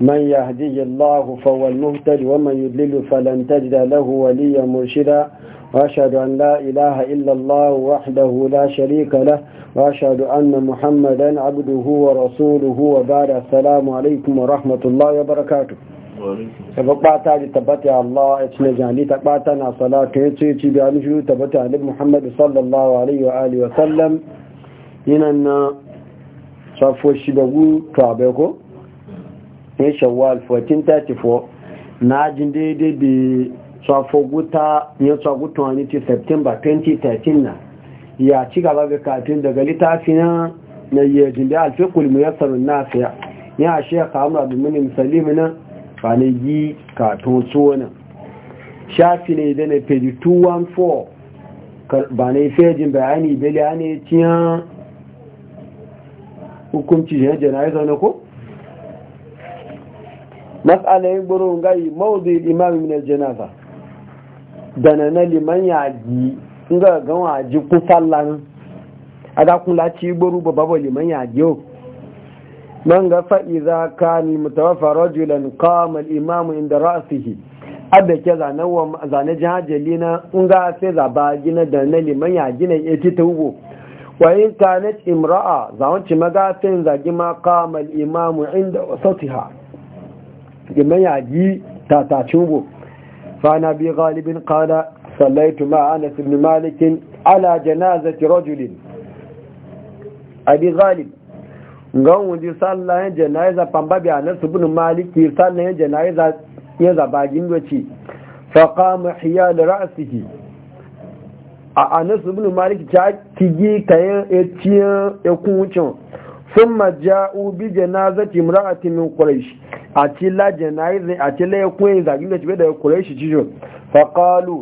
من يهديه الله فهو المهتد ومن يضلل فلن تجد له وليا مرشدا وأشهد أن لا إله إلا الله وحده لا شريك له وأشهد أن محمدا عبده ورسوله وبعد السلام عليكم ورحمة الله وبركاته tabbata da tabbata Allah ya cine jani tabbata na salatu ya ce ci biya mishi tabbata da Muhammad sallallahu alaihi wa alihi yinan na safo shi da gu to abai ko ne shawwal 1434 na jin daidai da tsafoguta ya tsaguta wani ti september 2013 na ya ci gaba da katin daga littafi na na jin da alfikul muyassarun nasiya ya shi ya kamar da mini misali mina ba na yi katon tsohonan shafi ne da na page 214 ba na yi fejin bayani beli ya ne ciyan hukunci jana jana ya zaune ko? mas'ala ya gburu ngai mawdi imam min al-janaza da na liman yaji nga ga ji ku sallan aga kula ci gburu ba babo liman yaji o man ga fa idza kan mutawaffa rajulan qama al-imam inda ra'sihi abda ke zane wa zane jahajali na nga sai zaba gina da na liman yaji na eti tugo wa in kanat imra'a zawanci magafin zagi ma qama al-imam inda wasatiha ta yaji tatacin Fa na bi galibin qala sallaitu ma anas ibn malik ala janazati rajulin abi galib ngan wuji sallayen janaza pamba bi anas ibn malik sallayen janaza ya zabagin goci faqama hiyal ra'sihi a anas ibn malik ta kigi kayan etiyan ekun wucin ثم جاءوا بجنازة امرأة من قريش àti lájẹ̀náìzẹ̀ àti lẹ́ẹ̀kún ìzàgí lè ti bẹ́ da kùrẹ́ jíjọ fàkálù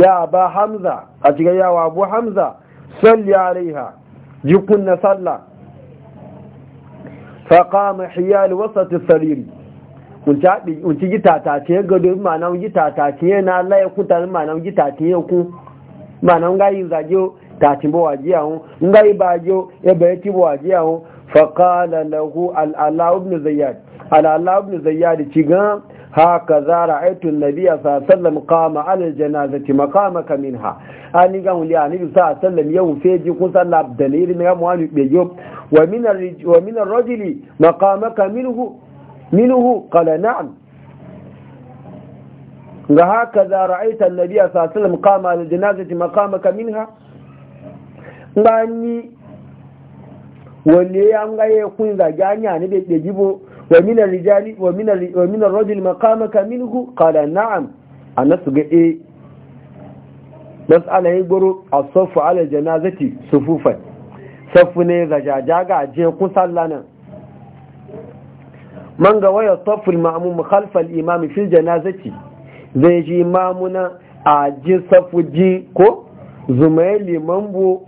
ya bá hamza àti ga yawa abu hamza sọ́lì ìhà jikun na salla fàkámà hiyali wasa ti sariri unci ji gado ma'ana ji na ma'ana ji فقال له العلاء بن زياد العلاء بن زياد تيغان هكذا رأيت النبي صلى الله عليه وسلم قام على الجنازة مقامك منها أني قام لي أني صلى الله عليه وسلم يوم فيجي صلى الله بدليل نعم وأنا بيجوب ومن ومن الرجل مقامك منه منه قال نعم هكذا رأيت النبي صلى الله عليه وسلم قام على الجنازة مقامك منها أني wanne ya nga ya kun ga anya ne da jibo? gibo wa min rijali wa min wa min ar-rajul maqamaka minhu qala na'am anasu ga e bas ala goro as-safu ala janazati sufufan safu ne zajaja ga je ku sallana man ga waya safu al-ma'mum khalfa al-imam fi janazati zai ji imamuna a ji safu ji ko zumaili mambo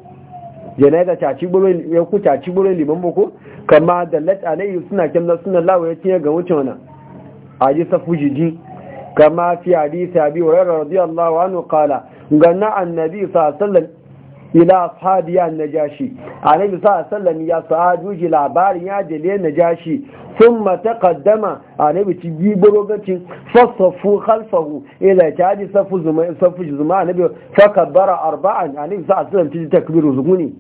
janaza caci gurin ya ku caci gurin liman boko kama da lat alayhi suna kyanar suna lawa ya tiya ga wucin ji safu jiji kama fi hadisa abi hurairah radiyallahu anhu kala ganna annabi sallallahu sallan ila ashabi ya najashi sa a sallan ya sahajuji labarin ya jele najashi kaddama a annabi ci giboro gacin fasafu halfahu ila taji safu zuma safu zuma annabi fakabbara arba'an annabi sallallahu alaihi wasallam ci takbiru zuguni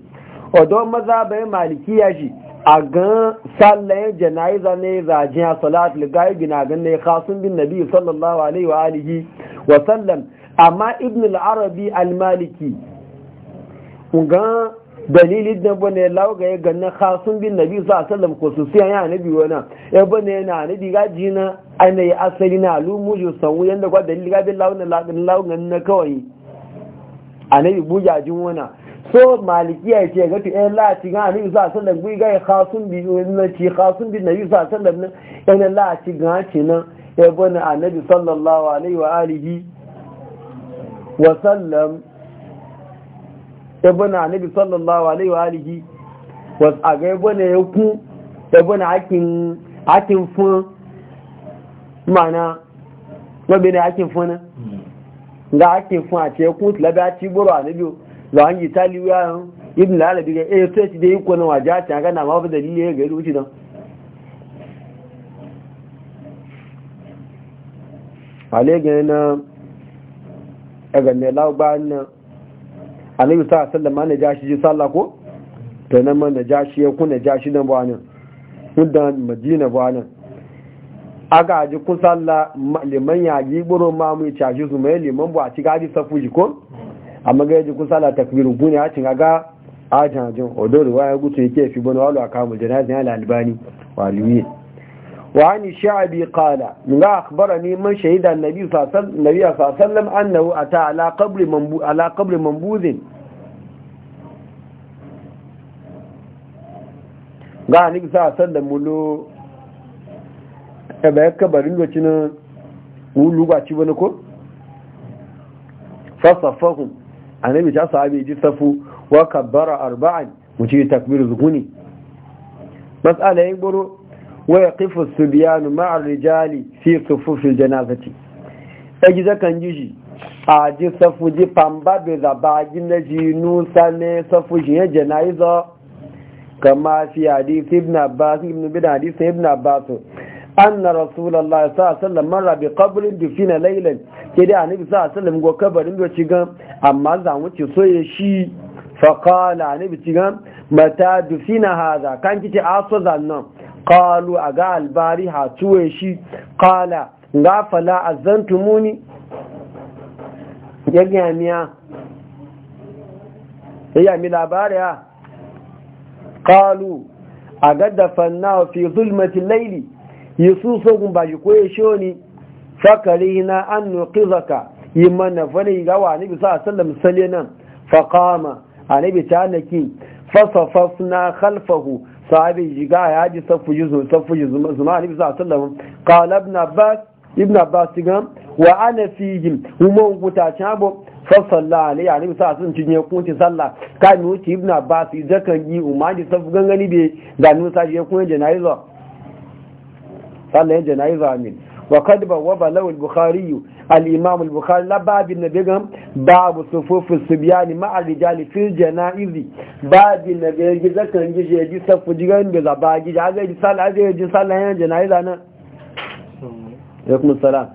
odo maza bai malikiya shi a gan sallaye jana'iza ne zajen a salat ligaibi na gan ne khasun bin nabi sallallahu alaihi wa alihi wa sallam amma ibn al-arabi al-maliki gan dalilin da bane lauga ya ganna khasun bin nabi sallallahu alaihi wa sallam ko su siya ya nabi wana ya bane na nabi gaji na ana yi asali na alumu ju sanwu yanda kwa dalilin gabi lauga na na kawai a nabi bujajin wana so Maliki ya ce gatu ta eh, lati ga ni za san da gwi ga khasun bi eh, na ci khasun bi na za san da nan na lati ga ce nan ya bani annabi sallallahu alaihi wa alihi wa sallam ya bani annabi sallallahu alaihi wa alihi wa a ga bani ya ku ya bani akin akin fun mana wa bani akin fun ga akin fun a ce ku labi a ci buru annabi za an yi taliwa yawon ibn lalabi ga eh sai da iko na waje ta ga na mafi dalili ya gari wuce don ale ga na daga ne na annabi sa sallama na jashi ji sallah ko ta nan na jashi ya kuna jashi na bwana mudan madina bwana aga ji kun sallah liman ya buru ma ya caji su mai liman bu a ci gaji safu ji ko amma ga yaji kusa la takbiru bune a cin aga ajan jin odo ya gutu yake fi bani walu mu janazin ala albani waliyi wa ani sha'bi qala ga ni man shahida annabi sallallahu alaihi wasallam annahu ata ala qabri mambu ala qabri mambuzin ga annabi sallallahu alaihi mulo ebe kabarin lokacin wulu gwaci wani ko fasafahum annabi ta sahabi ji safu wa kabbara arba'an wuce takbir zukuni mas'ala yin buru wa yaqifu subyanu ma'a rijali fi sufufil janazati aji e zakan jiji a ji safu ji pamba be da ba ji na ji safu ji ya janaiza kama fi hadith ibn abbas ibn bidadi abbas anna rasulullahi sallallahu alaihi wasallam marra bi qabrin dufina laylan kidi annabi sallallahu alaihi wasallam go kabarin do ci gan amma za mu so ya shi fa qala annabi ci gan mata dufina hada kan kici aso zannan qalu albari ha tuwe shi nga fala azantumuni yagya miya ya mi labari ha qalu aga dafanna fi zulmatil layli yusu gun ba ko ya sho ni fakari na an nuqizaka imana fani ga wa nabi sallallahu alaihi wasallam nan fa qama anabi ta naki fa safafna khalfahu sahabi jiga ya ji safu yuzu safu yuzu zuma anabi sallallahu alaihi wasallam qala ibn abbas ibn abbas gam wa ana fihim umma guta chabo fa sallallahu alaihi anabi sallallahu alaihi wasallam kun ti salla ka mi wuce ibn abbas idan kan yi umma ji safu gangani be ga nusa je kun janaiza sallayen jana'iza amin wa kad bawwaba law al-bukhari al-imam al-bukhari la nabi gam babu sufufu subyani ma ar-rijali fil janaizi babi nabi gi zakan gi je gi safu digan be za ba gi ga gi salla ga gi salla yan jana'iza na alaikum salam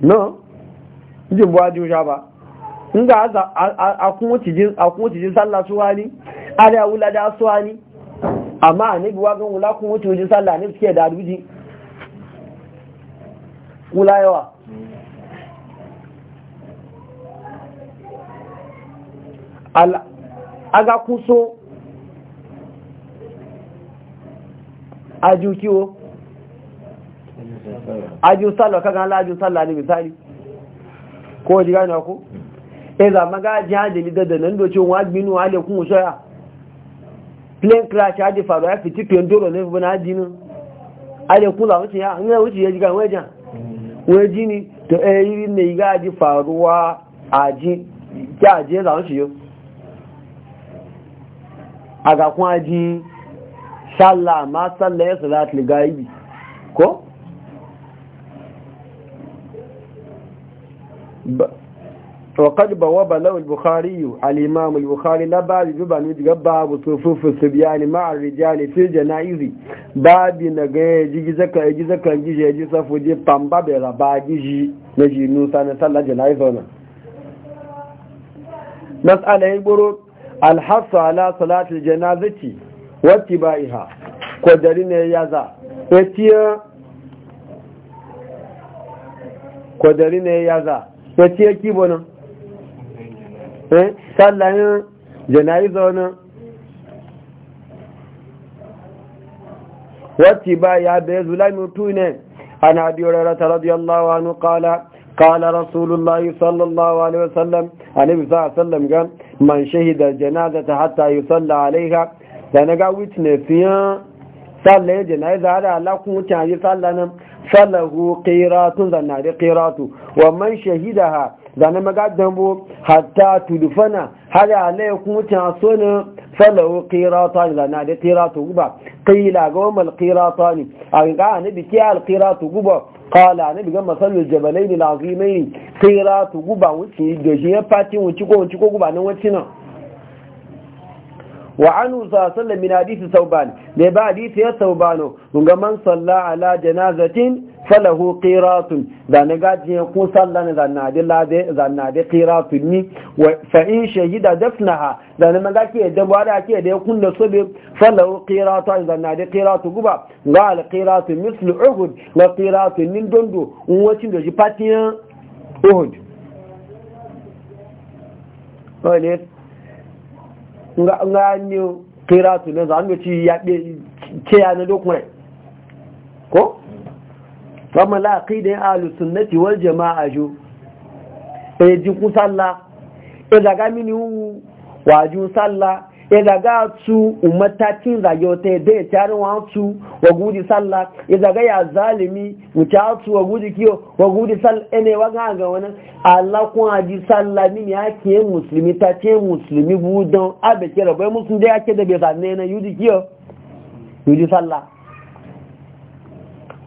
no ji bwa ju ba nga kun wuce jin sallah su wani ala wula da su wani amma ne biwa ga wula kun wuce jin sallah ne suke da duji wula yawa aga kuso aju kiwo aju sallah kaga ala aju sallah ne misali ko ji ne ko. e zama ga jihadili da da nan doce wa soya plane crash hadi faru ya fiti kan doro ne bu na dinu ale kula wuce ya ne wuce ya jiga mm-hmm. wajen to e yi faruwa aji ya je za wuce yo aga aji ma ya ibi. ko وقد بواب له البخاري الإمام البخاري لا بعد جبا نجي باب صفوف الصبيان مع الرجال في الجنائز باب نجي جي زكا جي زكا جي جي صفو جي بامبا بلا باجي جي نجي نوسا نسال جنائز هنا مسألة يقولوا الحص على صلاة الجنازة واتباعها قدرين يزا اتيا قدرين يزا وتيا كيبونا eh sallahin jana'iza wani wati ba ya bai zulami mutu ne an abi rarata radiyallahu anhu qala qala sallallahu alaihi wasallam annabi sallallahu alaihi ga man shahida ta hatta yusalla alaiha da naga witness ya sallahin jana'iza da Allah kun mutane sallanan falahu qiratun zanna da qiratu wa man shahida ha. zane maga dambo hatta tudufana har ya laye kuma can so ne falawo kirata ne lana da kirata guba kila ga wani kirata ne a ga ne bi kiya kirata guba kala ne bi gama sallu jabalai ne lazimai kirata guba wuce da shi ya fati wuce ko wuce ko guba ne wuce nan wa an usa sallar min hadisi sauban da ba hadisi ya saubano ga man salla ala janazatin falahu qiratun da ne gaji ya ku sallah ne zanna da lade zanna da qiratun ni wa fa in shahida dafnaha da ne maga ke da bada ke da kun da be falahu qiratun zanna da qiratun guba ga al qiratun mislu uhud wa qiratun min dondo wati da ji patiyan uhud wale nga nga ni qiratun ne zanna ci ya ke ya na dokurai ko kama laƙidin alusunnati wal jama'a jo ɗaya e jikun sallah daga e mini wu waju sallah daga e su umartacin zagyauta da ya tarin wasu wa gudi sallah daga ya zalimi wuce su wa gudi kiyo wa gudi sallah ɗane waga ga wani allah kun haji sallah mini ya ke musulmi ta ce musulmi budon abekira bai musulmi da ya ke da bai sanne na yudi kiyo yudi sallah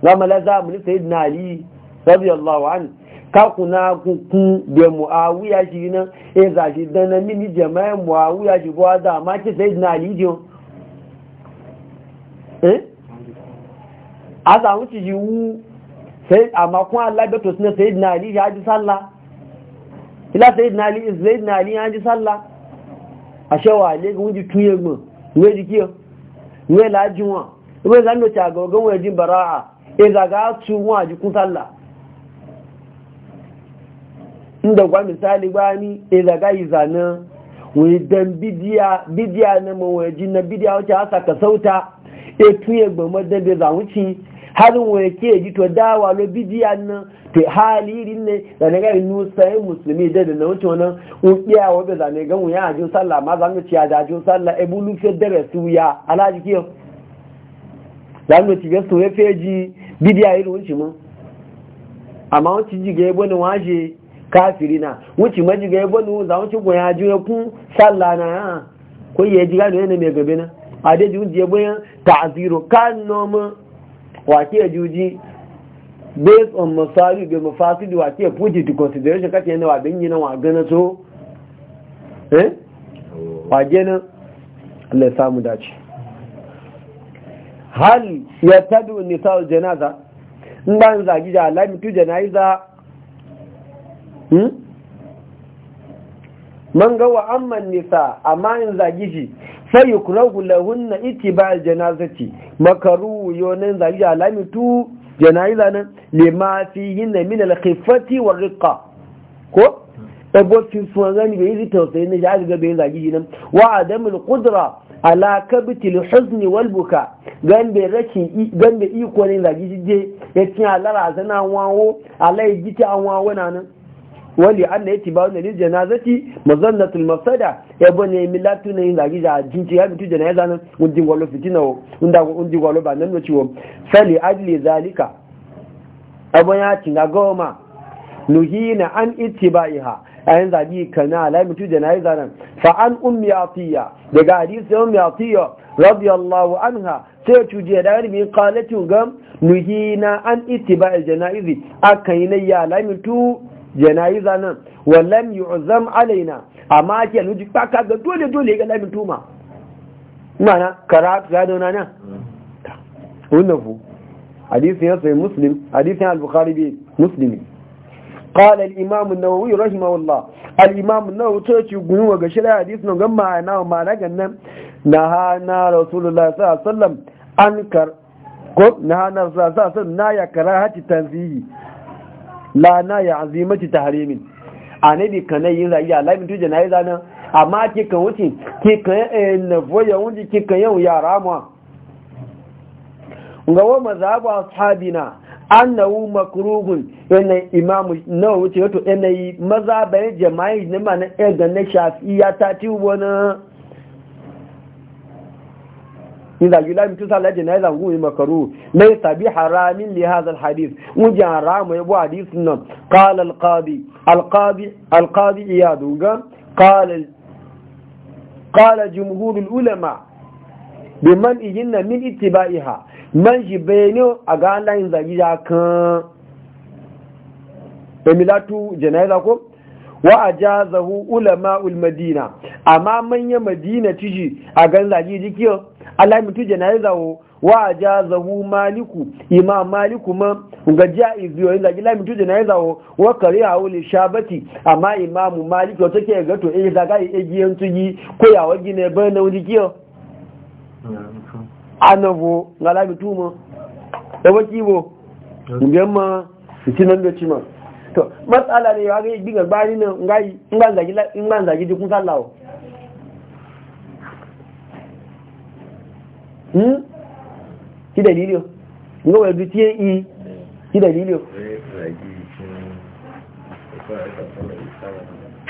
gama la za mu yin nari sabi Allah an ka kuna kuku da muawiya shi nan e za shi dana mini jama'a muawiya shi ko da ma ki sai na ali jo eh a za mu yi wu sai a kun Allah da to sai na ali ya ji sallah ila sai nari ali sai na ya ji sallah a shewa ne ga wuji tuye mu ne ji kiyo ne lajiwa ji won ibe zan do ta gogon wajin bara'a iza ga su wa jikun sallah inda kwa misali gbani iza ga wani wajen bidiya na mawaji na bidiya wacce hasa ka sauta e tuye gbama da zawuci harin wani ke ji to dawa lo bidiya na to hali irin ne da na gari nusa yin musulmi da da na wuce wani unkiya wa bai zane gan wuya a jin sallah ma zan ci a dajin sallah e bulu fiye da rasu ya alaji kiyo zan ci gasu ya feji bidiya irin wuce mun amma wuce jiga ya bani waje kafiri na wuce majiga ya bani za wuce goya ji ya kun salla na ya ko ya ji gano yana mai gabe na a dai jiwun ya bayan ta'aziro kan noma wake ya juji based on masari bai mafasidi wake ya put to consideration kati yana wa bin yana wa gana so eh waje na Allah ya samu dace hal ya tadu sa'ul janaza in ba in zagi da alamitu janaiza hmm? man ga wa amman nisa amma in zagi shi sai yukrahu lahunna janaza janazati makaru yonin zagi da alamitu janaiza nan lima na min alkhifati wa war ko ebo fi suwan gani bai yi tausayi ne ya ga bai zagi nan wa adamul qudra ala kabitil huzni wal buka gambe raki gambe iko ne da gijije tin alara zana wawo ala gita an wawo nan wali an ne yati ba wani lil janazati mazannatul mafsada ya bane milatu ne da gija jinci ya bitu janaza nan undi gwalo fitina wo unda undi gwalo ba nan ciwo fali ajli zalika abun ya tinga goma nuhina an ittibaiha ayin zabi kana alai mutu nayi zanan fa an ummi atiya daga hadisi ummi atiya radiyallahu anha sai je da yarbi qalatu gam nuhina an al janaizi akaina ya alai mutu janayiza nan wallam yu'zam alaina amma ke nuji baka ga dole dole ga alai mutu ma mana karatu ga dona nan wannan fu hadisi ya sai muslim hadisi al-bukhari bi muslimin Ƙalil imanin Nuhuil, al'imamin nawa kuma ya ci gumiwa ga shirya hadisi nawa? Gwamnati na ma'ana kan nan. Nahana rasulillah, sallallahu alayhi wa sallam, anan na karya hajji ta Na yi na'azimai ta haremin. An yi bi kanai, yanzu a yi alaminta na yi zanen. Amma kika wuce? Kika yi a yanzu na bonya wuce? Kika yi a yara ma? Ngaboma za bawa na. annahu makurugun yana imamu nawa wuce wato yanayi maza bayan jama'i ne ma na ɗaga na shafiya ta ci wani in zagi lami tusa lajin na zan gumi makaru na yi sabi haramin li hazal hadis wujen haramu ya bu hadis nan kala alkabi alkabi iya duga kala jumhurul ulama bi man ijin na min iha, man shi bayani a ga an layin zagi ya kan emilatu janaiza ko wa zahu ulama ul madina amma manya madina tiji a gan zagi jikiyo Allah mutu ko wa zahu maliku imam maliku ma ga a izu yoyin zagi lamitu ko wa a wuli shabati amma imam maliku wata ke gato to eh egiyan tuji ko yawa gine bayan jikiyo anabo ga labi tuma da bo ma fitin nan cima to matsala ne ya ga diga bani nan ngai sallawo hmm ki dalilio ngo wa i ki dalilio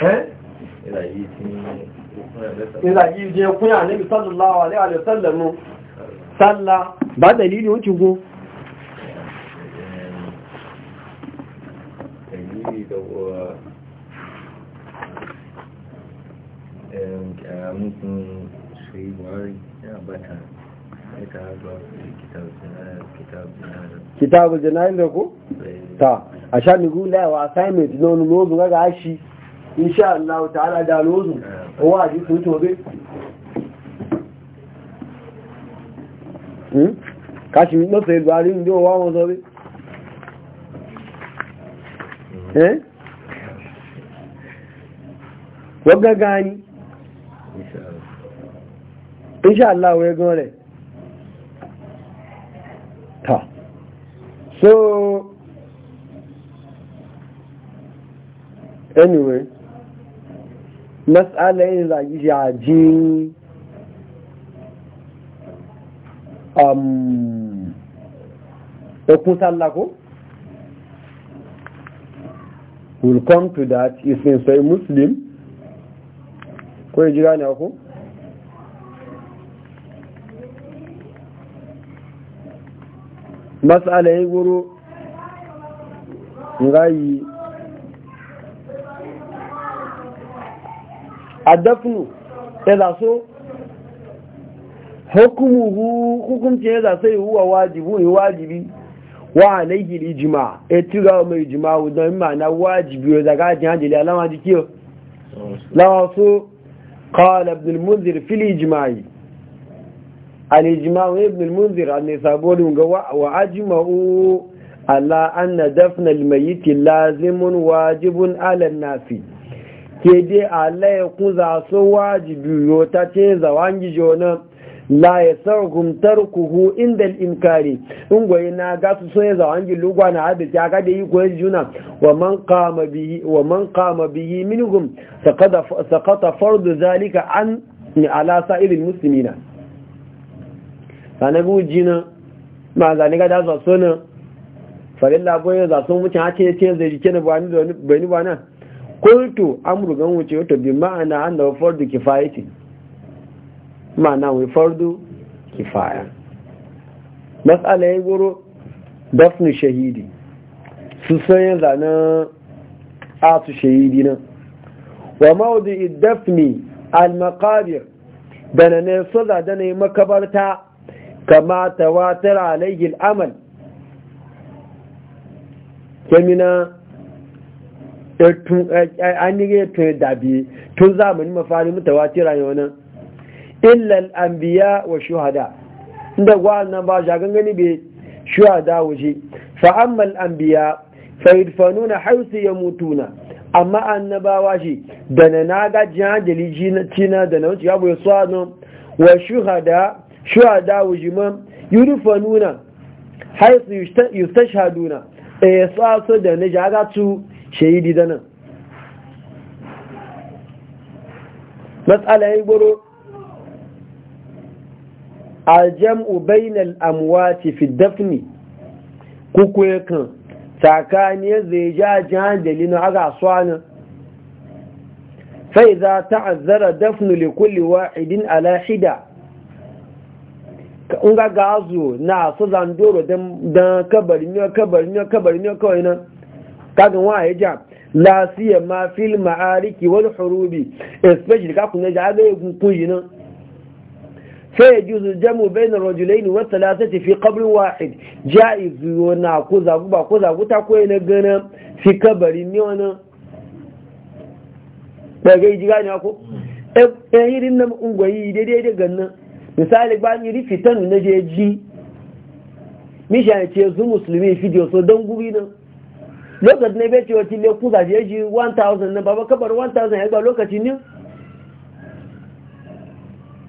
eh ila yi tin ina ji je kunya nabi sallallahu alaihi wa sallam salla ba dalili wuce go da kitabu da ku? ta a sha migu laiwa assignment na wani lozu ga insha Allah ta'ala da lozu wa ji su tobe hmm kashi mi no se bari ndi wa won so eh wọ́gá gani insha Allah gan rẹ̀ ta so anyway matsala yin zagi yaji ɗaukun um, sallah ko? will come to that is in sai muslim ko yi jira ne ku? matsala yin wuro ngayi adafnu ya za hukumuhu hukumce ya zaso sai huwa wajibu yi wajibi wa alaihi ijima e tura mai ijima don na wajibi ya zaga ajin hajjali alama jikiyo lawa so qala ibn al-munzir fil ijma'i al wa ibn al-munzir an sabon ga wa ajma'u ala anna dafna al-mayyit lazimun wajibun ala an-nafi ke a Allah ya kuza su wajibi yo ta ce zawangi jona la ya sarkum hu, inda al-inkari in goyi na ga su so ya zawangi lugwa na hada ta ga da yi koyi juna wa man kama biyi wa gum, qama bihi fardu zalika an ala sa'iril muslimina sanabu jina ma zane ga da so na farilla boye za so mutun hace ce zai jike na bani ni ba ni ba na kultu amru gan wuce wato bi ma'ana da fardu kifayati ma'ana wai fardu kifaya matsala ya goro dafnu shahidi su sanya zanen asu shahidi nan wa ma'udu dafni al maqabir na ne so da na yi makabarta kama tawatar alayhi al amal kemina an yi tun dabi tun zamanin mafari mutawatir a wani illal an biya wa shuhada inda gwanan ba shagan gangani bai shuhada wuce fa'ammal anbiya na haisu ya mutu na amma an na ba wa shi da na naga jihajali cina da na wuce ya buya swano wa shuhada shuhada wuce man yurifanuna haisu yustashaduna e eh, sa su da na jagatu shahidi da nan matsala ya goro aljam'u bainal amwati fi dafni kuku kan ya zai ja jihadali na aga za ta تعذر dafni لكل واحد idin حدة ƙunga gazo na su zandoro don kabari ne kabari ne kawai nan kaga wa ya ja la siya ma fil ma'ariki wal hurubi especially ka kun ja ga gun kun yi nan fa yajuzu jamu bayna rajulayn wa thalathati fi qabr wahid jaiz yona ko zagu ba ko zagu ta ko ina gana fi kabari ni wana da ga ji gani ko eh irin nan ungwayi daidai da gannan misali ba ni rifitan na je ji mishan ce zu musulmi fidiyo so dan gubi nan lokacin ne bai cewa tilo kusa je shi 1000 na baba kabar 1000 ya ga lokaci ne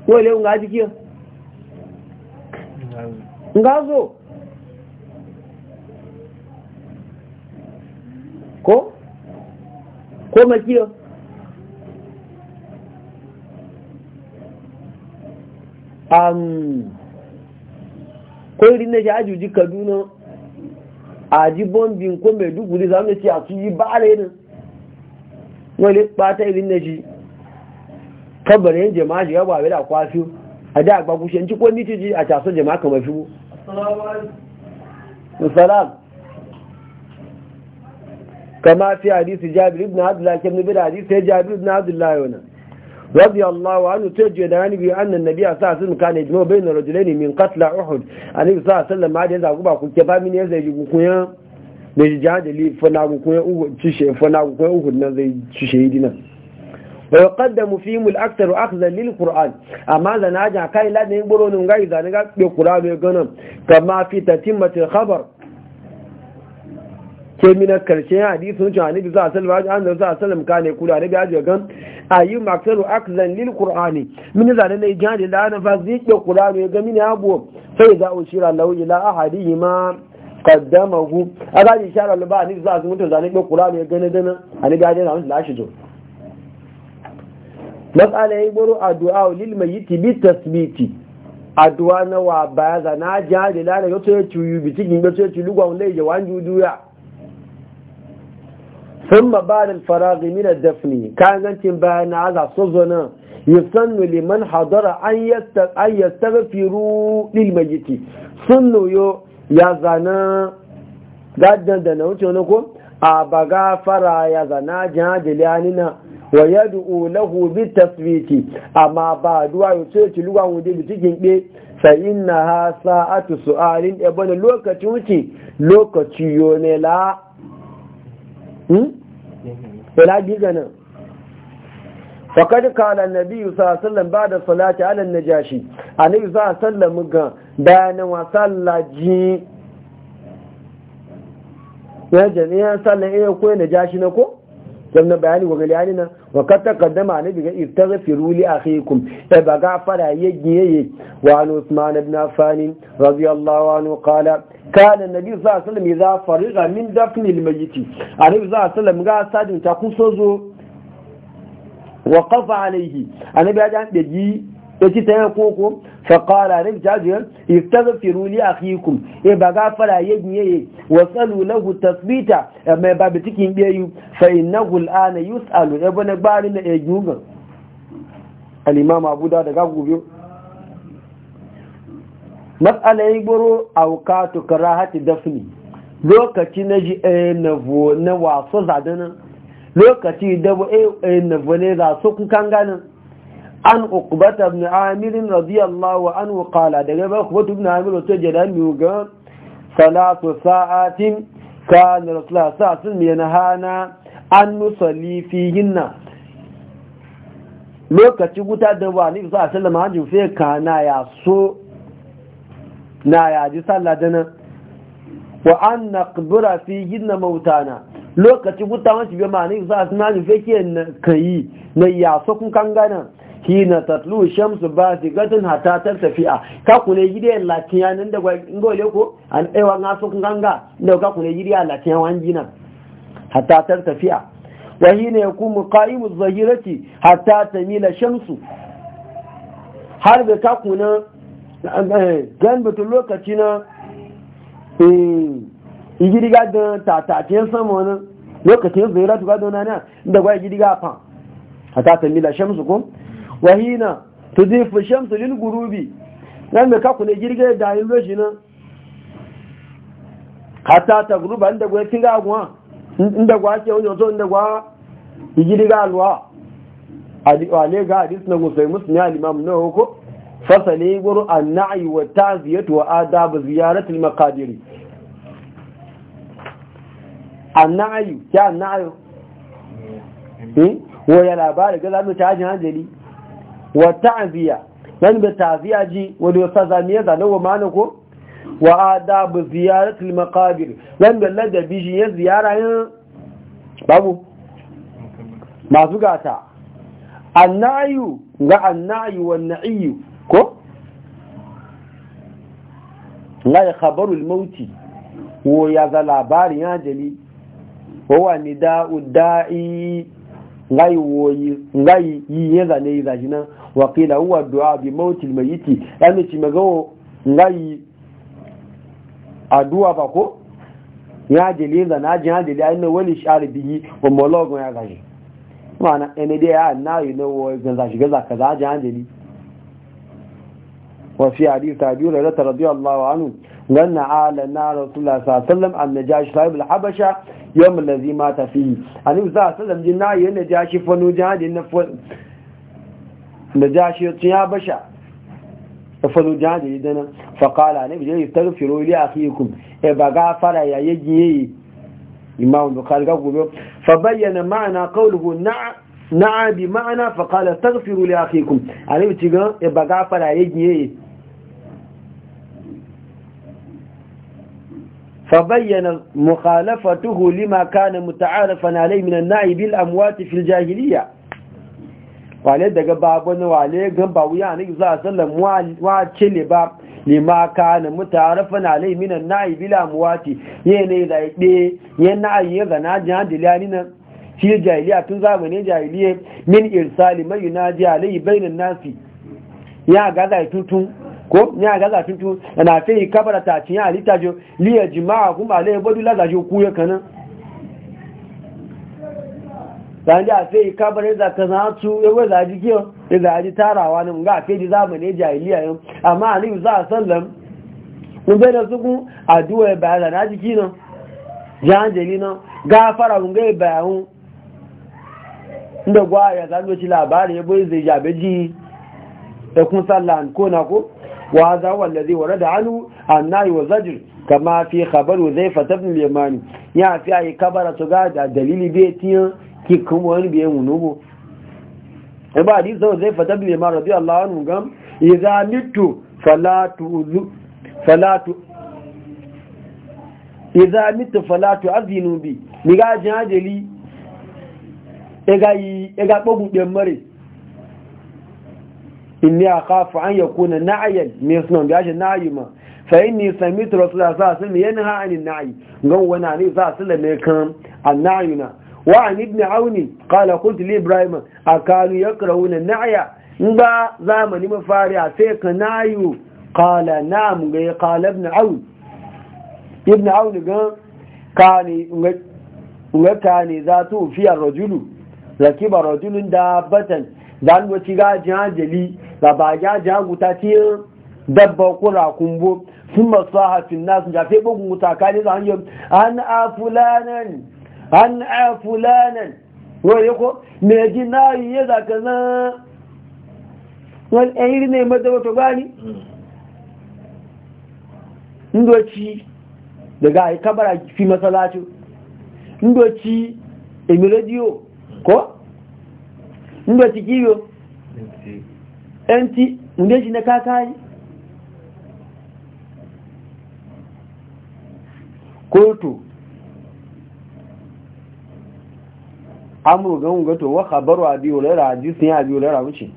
ko wale nga kiyo nga zo ko ko ma kiyo am ko irin na shi ajuji kaduna aji bombin ko mai maiduguri za mu ce a su yi bare ne wani bata irin na shi kabarin jama'a shi ya bawa da kwafi a da agba kushe ci ko miti ji a taso jama'a kamar shi musalam kama fi hadisi jabir ibn abdullahi kemnu bi da hadisi jabir ibn abdullahi wannan رضي الله عنه تجد عنه أن النبي صلى الله عليه وسلم كان يجمع بين رجلين من قتل أحد النبي صلى الله عليه وسلم عاد يزعق باكو كفا من يزعق يقول da ji jihadi li fana gukwai na zai ci shahidina wa yuqaddamu fihim al-akthar akhdha lil qur'an amma zanaja kai la ne boro nun ga izani ga be qur'an be ganan kama fi tatimmat al-khabar ke mina karshen hadisun cewa annabi za a salama an da za a salam kane kula annabi ya jagan a yi maksaru akzan lil qur'ani min zane ne jihadi da ya fa zike qur'ani ya ga mini abu sai za ushira lahu ila ahadihima qaddamahu aga ni shara ba annabi za a mutu zane ne qur'ani ya gane dana annabi ya na musu lashi zo mas'ala yi buru addu'a lil mayyiti bi tasbiti addu'a na wa baya zana jihadi da ana yato ya ciyu bitikin yato ya ciyu lugwa wanda ya jawan jujuya sun ma ba da farazi mina dafni kayan zancen bayan na aza so zo nan yi san nuli man hadura an yi sara fi rudi majiti sun nuyo ya zana da na wuce wani ko a ba ga fara ya zana jihar jiliya nina wa ya du'u na hobi tasiriti ba duwa yi ce ci luwa wunde cikin ɓe sai ina ha sa a su a rin ɗabani lokacin wuce lokacin yone wala bi ganin faƙaɗi kala nabi yusa sallan ba da salati ala najashi a nabi yusa sallan muga bayanin wa sallaji ya jami'a sallan iya kuwa jashi na ko? sannan bayani wa galiyani nan wa ka taqaddama ne daga istaghfiru li akhikum e ba gafara yagiye wa an usman ibn affan radiyallahu anhu qala kana nabi sallallahu alaihi wasallam idza fariga min dafni al mayyit annabi sallallahu alaihi wasallam ga sadin ta kun sozo wa qafa alaihi annabi ya ji ta yan koko فقال عليه جاجر يستغفروا لي اخيكم اي بغفر يجني وصلوا له تثبيتا ما باب تكين بيو فانه الان يسال ابن بار لا يجوغ الامام ابو داود غوبيو مساله يبرو اوقات كراهه دفني lokaci نجي ji na wasu zadana lokaci da na vone za su kukan an ukubata ibn amir radiyallahu anhu qala daga ba uqbata ibn amir wato jada mi ga salatu sa'atin kan rasulullah sa'atin hana an nusalli fihinna lokaci guta da ba ni sa sallama hajin sai kana ya so na ya ji sallah dana wa an naqbura fihinna mautana lokaci guta wani bi ma ni sa sallama hajin sai ke kai na ya so kun kan gana hina tatlu shamsu ba zigatun hata hatatar tafiya ka kune gidi latiya nan da ngole ko an ewa na su ganga da ka kune gidi latiya wanji nan hata tafiya wa hina yakumu qa'imu zahirati hata tamila shamsu har da ka kune eh, gan bitu lokaci na eh, igidi ga ta tatatin sama na? lokacin zahiratu ga dona na da gwa igidi ga fa hata tamila shamsu ko wahina tuzifu shamsu lil gurubi nan me kaku ne girge da yin loji nan Hata ta guruba inda gwa kinga gwa inda gwa ke wani wato inda gwa girga alwa ale ga hadis na musai muslim ya limam na hoko fasali guru an-na'i wa ta'ziyatu wa adab ziyaratul maqadiri an-na'i ya na'ayi, nai eh hmm? wo ya labari ga zamu tajin hanjali wa ta'ziya dan da ta'ziya ji wani wasa zamiya zane wa mana ko wa adabu ziyaratul maqabir dan da ladabi shi ya ziyara yin babu masu gata annayu ga annayu wa na'iyu ko la ya khabarul mauti wo ya za labarin ya jali wa wa nida'u da'i ngai woyi ngai yiye zane yi zaji nan wakila huwa du'a bi mautil mayiti yani ci magawo ngai adu'a ba ko ya jeli zana aji ya jeli ainihin wani shari biyi wa mologon ya zaji ma'ana ene dai ya na yi na woyi gan zaji ga zaka za aji ya jeli wafi hadith ta biyu radiyallahu anhu wannan ala na rasulullah sallam an najashi sahib al-habasha yawm allazi mata fihi annabi sallam jin na yana najashi fanu jihadin na najashi ya basha fanu jihadin dana fa qala annabi ya yastaghfiru li akhikum e ba gafara ya yaji imam bukhari ga gobe fa bayyana ma'ana qawluhu na'a bi ma'ana fa qala astaghfiru li akhikum ya yaji فبين مخالفته لما كان متعارفا عليه من النعي بالأموات في الجاهلية wale daga babon wale gan ba wuya ne za a sallan wa cile ba ne ma ka na mutarafa na alai minan na'i bila muwati ye ne da ɗe ye na'i ya gana jihar dilani nan shi tun zamanin jahiliya min irsali mai yunaji alai bainan nasi ya gaza tutun ko ni a gaza tuntun na fe yi kabara ta ci ya halitta jo liya jima'a kuma lai bodu laza jo kuya kanan zan da fe yi kabara ya zaka za su yawai za ji kiyo ya za ji tarawa nan ga fe ji zamani jahiliya yau amma a niyu za a sallam mun bai da suku addu'a ya bayar da na jiki nan jahanjali nan gafara mun ga ya bayarun inda gwaya zan doci labari ya bai zai jabe ji da kun sallan ko na ko وهذا هو الذي ورد عنه النهي والزجر كما في خبر وزيفة ابن اليماني يعني في أي كبرة تقعد الدليل بيتي كي كموان بيهم ونوبو إبا حديث وزيفة ابن اليماني رضي الله عنه قام إذا ميت فلا تؤذو فلا ت... إذا مت فلا تؤذنوا بي نقا جاجلي إغا إغا بوبو بيمري inni kafa an ya kuna na'yan me sunan gashi na'ima fa inni sami'tu rasulullah sallallahu su wasallam yana 'anil na'ayi. gan wani ne za su lame kan na wa an ibn auni qala a li ibrahim akanu yakrahuna na'aya in ba zamani mafari a sai ka nayu kala na'am ga kala ibn auni ibn auni gan kani ngakani za su fiye ar-rajulu rakiba rajulun dabbatan dan wacce ga jali. bàbá àjájá gúta tí ó dabba kura kumbo sun masu hafin nasu jafe bugun wuta kani da hanyar an a fulanan an a fulanan wani ko mai ji na yi ya zaka na wani ɗanyi ne mada wata gani ndoci daga a kabara fi masalacin ndoci emi rediyo ko ndoci kiyo yanci mune shi na kakayi kotu amuru ga hungato wa khabaru abi hurairah hadisin ya abi hurairah wuce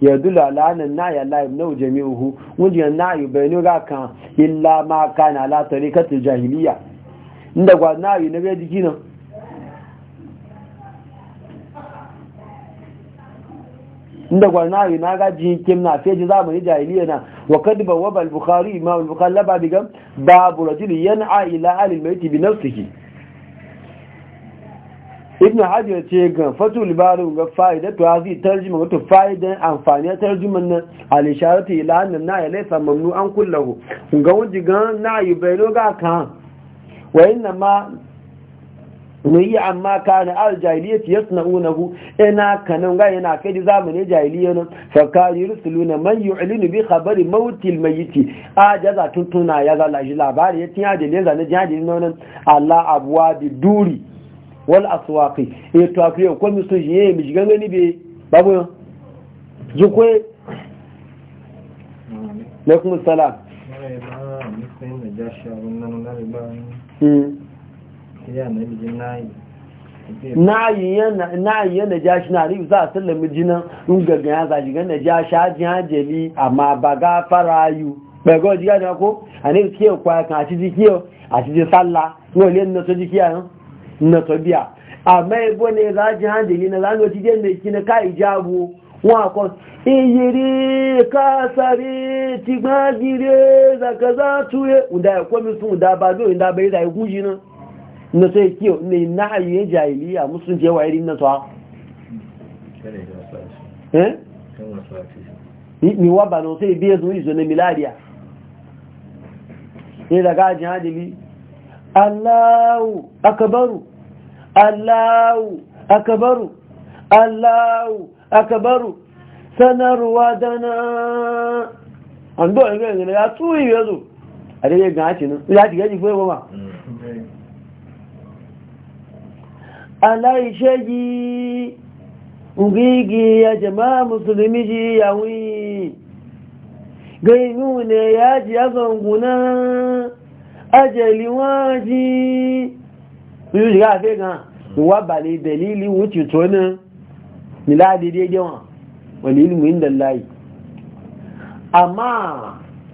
ya dula lanin na ya layi na jami'uhu wajen na yi bayanu ga kan illa ma kana la tariqatul jahiliya inda gwa na yi na ga jiki nan inda gwarna yi na gaji kim na feji zamani jahiliya na wa kad bawaba al-bukhari imam bukhari laba digam babu rajul yan'a ila al-mayti bi nafsihi ibn ya ce ga fatu barin ga fa'ida to hazi tarjuma wato fa'idan amfani tarjuman nan al ila anna na ya laysa mamnu an kullahu ga wuji ga na yi bayno ga kan wa inna ma ne yi amma ka kana al jahiliyyati unahu ina kanan ga yana kai da zamanin jahiliyya nan fa kari rusuluna man yu'linu bi khabari mautil mayyiti a jaza tuntuna ya za laji labari yatin ya dalilin zane jahilin nan Allah abwa bi duri wal aswaqi e to akriyo ko eh, mi sun yiye mi jigan ni be babu jukwe eh. alaikum salam Mm. na yi yana ja shi na riyu za a sallami jinan ungaga ya zaji gana ja shi hajji hajjali amma ba gafara yi ɓago jiya da ko a ne kiyo kwaya kan a ci ji kiyo a ci ji salla yau ne na to ji kiya na to biya amma ebo ne za ji hajjali na zango ci den da kina ka ijabu wọn kọ iyiri kasari ti gbagire zakazatue unda ya komi sun unda ba zo unda bai da ya ji na na sai kiyo ne na hayyar jahiliya musulunci yawa irin na tsawa ni wa ba na sai biye zuwa izo na milariya? ne daga ajin adili allahu akabaru allahu akabaru allahu akabaru sanarwa dana an do ya ga ya tuyi yazo a dai ga ci nan ya ci gaji fa ba ma aláìṣẹ́ yìí ngigi ẹjẹ̀má musulmi jí yàwó yìí gẹ̀yìnú nẹ̀ yà jí azọ̀ngù náà ajẹ̀lì wọ́n jí lórí àfẹ́ gan wà bàlẹ̀ ìbẹ̀lìlì wọ́n ti náà nílá dédé jẹ́ wọn wà ní ìlú ìdẹ̀ àmà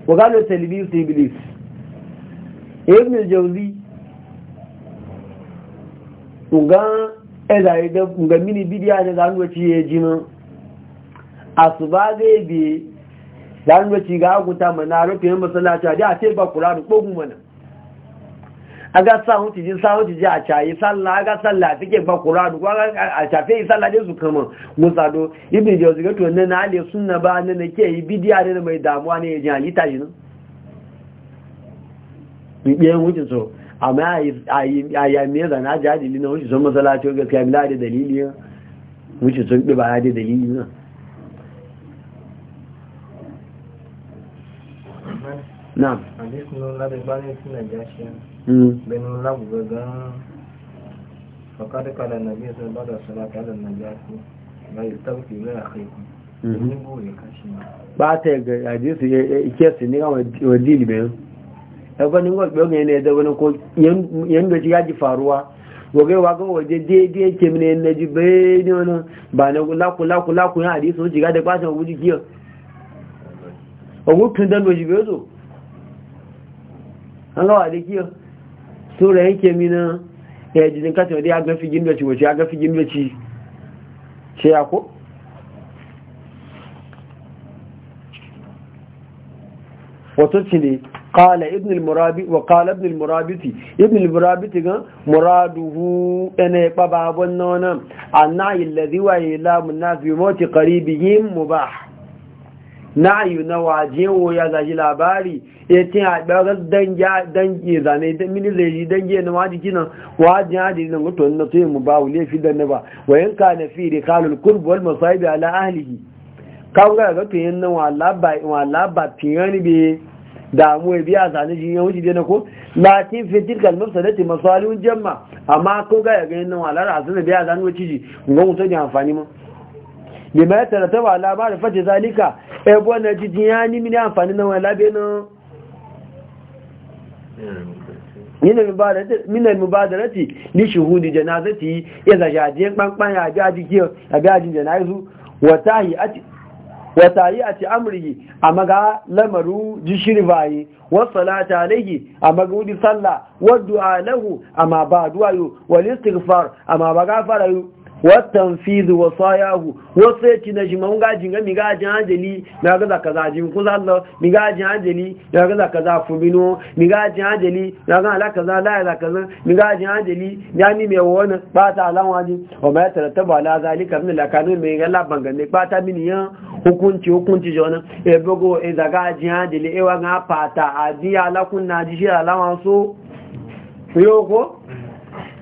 wọ́gálò tẹ̀lìbí ngan ezayi da nga mini bidiya ne zan wuce ya ji mun asuba zai bi zan ga aguta mana rufe yin masallaci da ce ba kula da na, aga sa sa a cayi sallah aga sallah take ba kura da kwa a cafe sallah dai su kama musado ibn jawzi ga to nan ali sunna ba nan nake yi bidiya ne mai damuwa ne ya ji halitta shi nan amma a yami zana jadili na wuce sun masalacin gaskiya bila da dalili wuce sun ɗi ba da dalili na na فقد قال النبي صلى الله عليه وسلم على النجاشي لا يستغفر لا يخيف ba ta yi ga hadisi ya ke su ne ga wajili bayan ɗabanin gwagwagwa ne da wani ko yadda ya ji faruwa wagai wagan waje daidai yake mine na ji bai ne wani ba na laku-laku-laku yan hadisi sun shiga da kwasan wuji giyar ogutun dan waje bai zo an gawa da giyar sura yanke mina ya ji dinkata wadda ya gafi gimbaci wace ya gafi gimbaci ce ya ko wato ci ne قال ابن المرابي وقال ابن المرابطي ابن المرابطي murabiti ibn al-murabiti ga muraduhu ana baba wannan annahi alladhi wa ila munas bi mawti qaribihim mubah na'ayu na labari ya ce a zane da mini zai dangi na wajiki nan wajin wato na tsoye mu ba wule fi dan ba wayan ka na fi da wal ala ahlihi ga ga to yin nan wa tiyani be damuwa biya zane jin yawanci dai na ko latin fitil kalmar sadati masalihun jamma amma ko ga ya ganin nan walar asana biya zane wace ji ga wuce da amfani ma bi ma ya tarataba labarin fata zalika eh na ji ya ni mini amfani nan wala be nan min al-mubadarati li shuhudi janazati idza jaje kpankpan ya jaji kiyo ya jaji janazu wa tahiyati wa yi a ci amurki a maga lamaru ji baye wasu lata alaihi a maga wudi sallah wadda alahu a ma ba duwayo wani istighfar a ma ba gafara watan fizu wa sayahu wasu ya ci na shi mawun gajin ga migajin hajjali na gaza kaza jin kun zallo migajin hajjali na gaza kaza fubino migajin hajjali na gaza ala kaza la ala kaza migajin hajjali ya ni mai wani bata alan waji wa ma tarattaba ala zalika min kanu mai ga laban ga ne bata mini yan hukunci hukunci jona e bogo e zaga jin hajjali e wa ga pata ji shi alawan so yo ko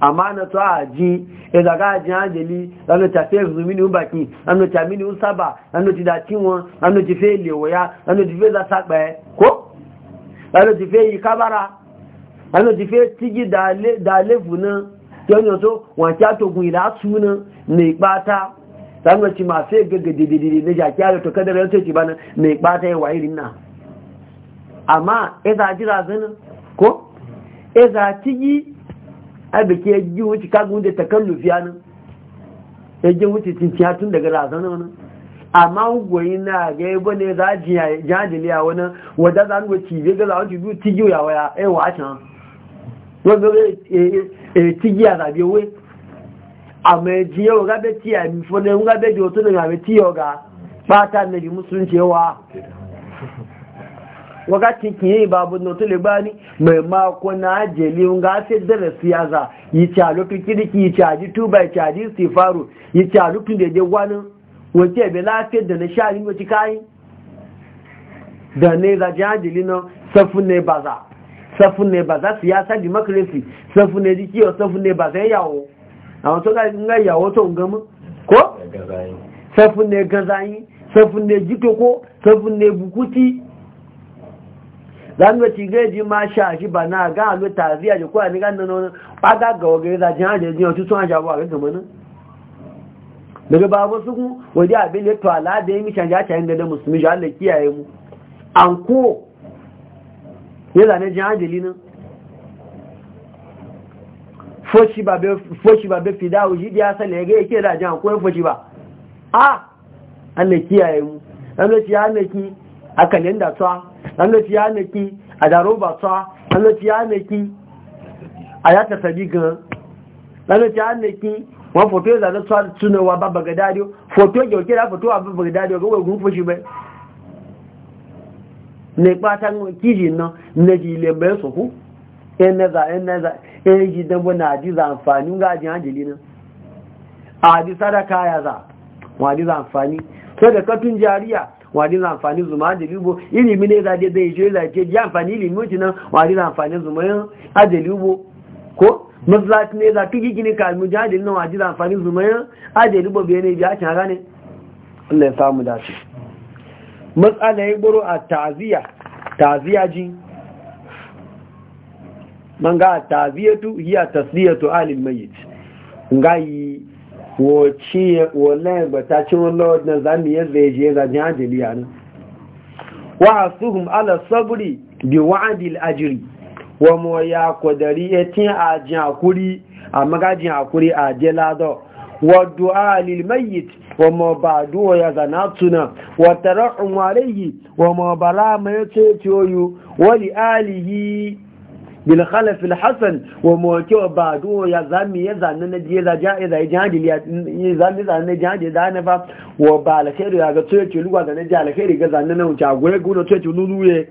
amana to aji e daga aji anjeli lanu ta fe zumini ubaki lanu ta mini usaba lanu ti dati won lanu ti fe le oya lanu ti fe da ko lanu ti fe yi kabara lanu ti fe tigi dale dale funa yonyo to wan cha to ila suna ne ipata lanu ti ma fe gege didididi ne ja kya to kadara to ti bana ne ipata e wa irin na e da jira zana ko e za tigi abike ya ji wuce kagun da takallufi nan ya ji wuce cinciya tun daga razana wani amma hukwai na ga yi bane za a jajiliya wani wadda za a nuna ni wace za a wuce biyu tigiyo ya waya ya eh, wa can wanda zai eh, eh, tigiya biyo wai a mai ji yau gabe tiya mi fone gabe da hotunan gabe tiyo ga fata na bi musulunci yawa wakati kiye babu no tule bani mai mako na ajeli nga se dare siyaza yi chalo to kiriki yi chaji tuba yi chaji sifaru yi chalo tun de wani wace be lafiya da na shari wace kai da ne za ji ajeli no safu ne baza safu ne baza siyasa democracy safu ne dikiyo safu ne baza yawo àwọn tó ga yawo to ngamu ko safu ne gazayi safu ne jitoko safu ne bukuti zanuwa ti gaji ma sha shi ba na ga alu taziya da kuwa ni ganin wani ɓaga ga wa gari zajin hajji yau tutun hajji abuwa ga gama nan daga babu su wajen abin da to ala da ya mi canja ta yin da musulmi shi allah kiyaye mu an ko ya zane jin hajji nan foshi ba be fi ya ya ga da e foshi ba a allah kiyaye mu allah ki a kalenda annabi ya naki a da roba ta annabi ya naki a ya ta sabi gan annabi ya naki wọn foto ya zane tsawa suna wa babba ga dadiyo foto ya kyauke da foto wa babba ga dadiyo ga wai gurfa shi bai ne kpatan kiji na ne ji lembe su ku yan e naza yan e naza yan e ji dan na na za amfani ga ajin ajili nan a ji sadaka ya za za wa ji zamfani sadakatun jariya wadi na amfani zuma ajalibo ilimi ne za zade bai je zace ji amfani ilimi wuce nan wadi na amfani zuma yan ajalibo ko mazlati ne za tuki ne ka mu jadil nan wadi na amfani zuma yan ajalibo bai ne biya cin gane Allah ya samu dace matsala ya buru a ta'ziya ta'ziya ji man ga ta'ziyatu hiya tasliyatu alil mayyit ngai wallahi batacin lord za mu yadda ya je zajen ajiliya nan wa asuhum ala sabri bi wa'dil ajri wa mo ya kodari etin akuri, a amagajin akuri ajelado wa du'a lil mayyit wa ma ba'du ya zanatuna wa tarahum alayhi wa ma bala ma yace tiyoyu wa li alihi bil khalaf al hasan wa mawqi'u ba'du ya zami ya zanna na je za ja za ya hadi ya zami zanna na ja hadi da na ba wa ba al khair ya ga to yake lugwa da na ja khair ga zanna na wuce gure gure to ce luluye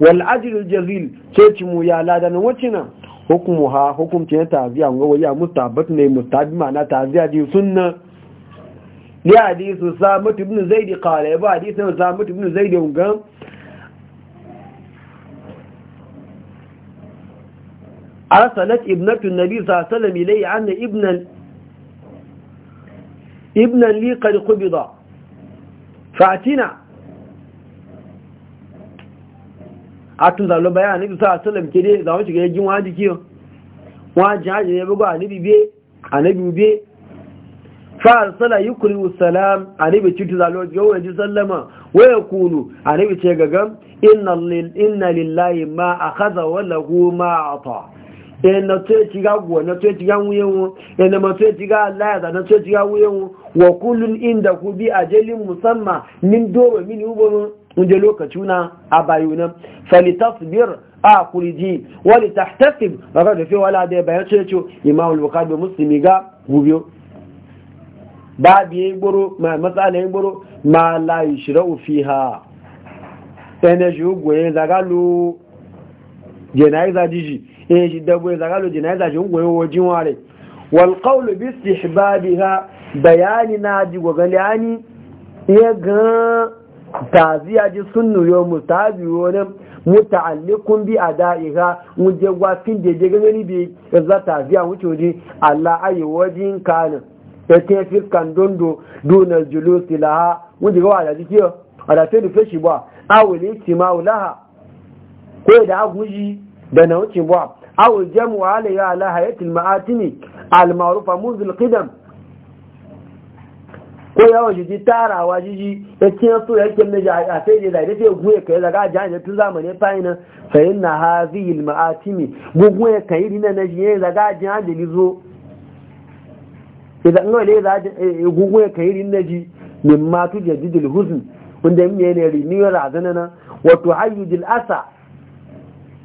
wal al jazil to yake mu ya da na wuce na hukumu ha hukumci ta taziya ga waya mustabat ne mustabi ma na taziya ji sunna ya hadisu samut ibn zaid qala ya ba hadisu samut ibn zaid ga arsalat ibnatu nabi sallallahu alaihi wasallam ilayya anna ibnan ibnan li fatina atun zalo bayan nabi sallallahu alaihi wasallam kide zawo shiga yajin waji kiyo waji haji ne bugo anabi be anabi be fa arsala yukri salam anabi citu zalo gawo ji sallama wa yakulu anabi ce gaga inna lillahi ma akhadha wa lahu ma ata ẹ̀nà tó ti ga wọ̀ ẹ̀nà tó ti ga wúyẹ́ wọn ẹ̀nà mọ̀ tó ti ga aláyàtà ẹ̀nà tó ti ga wúyẹ́ wọn wọ̀kúlù ìndàkú bí àjẹ́lì musamman ní dóòwẹ̀ mí ní ugbọ́n oúnjẹ lókàtí na abayo na falitasbir a kuriji wani tahtasib baka da fi wala da bayan cece imamul bukari da musulmi ga gubiyo ba biye gboro ma matsala yin gboro ma la yushra'u fiha energy ugwe zagalu jenaiza jiji in shi dabo ya zagalo jinaza shi goyo wajin ware wal qawlu bi istihbabiha bayani na ji gogalani ya ga taziya ji sunnu yo mutabi wani muta'alliqun bi ada'iha muje gwafin da je gani bi za taziya wuce ji Allah ayi wajin kana ya ce fiskan dondo dunar julusi laha wanda ga wada a da sai rufe shi ba awuli timau laha ko da aguji da na wuce ba awul jamu alayya ala hayatil ma'atini al ma'rufa munzil qidam ko yawon jiji tarawa jiji ya kiyar so ya kiyar da a sai da zai sai guye kai daga jihar tun zamani fahimta fahim na hazi ilma'atimi gugu ya kai rina na jiye daga jihar da zo. idan wale gugu ya kai rina ji min matu jadidil huzn wanda yin ne riniyar razana na wato hayyudil asa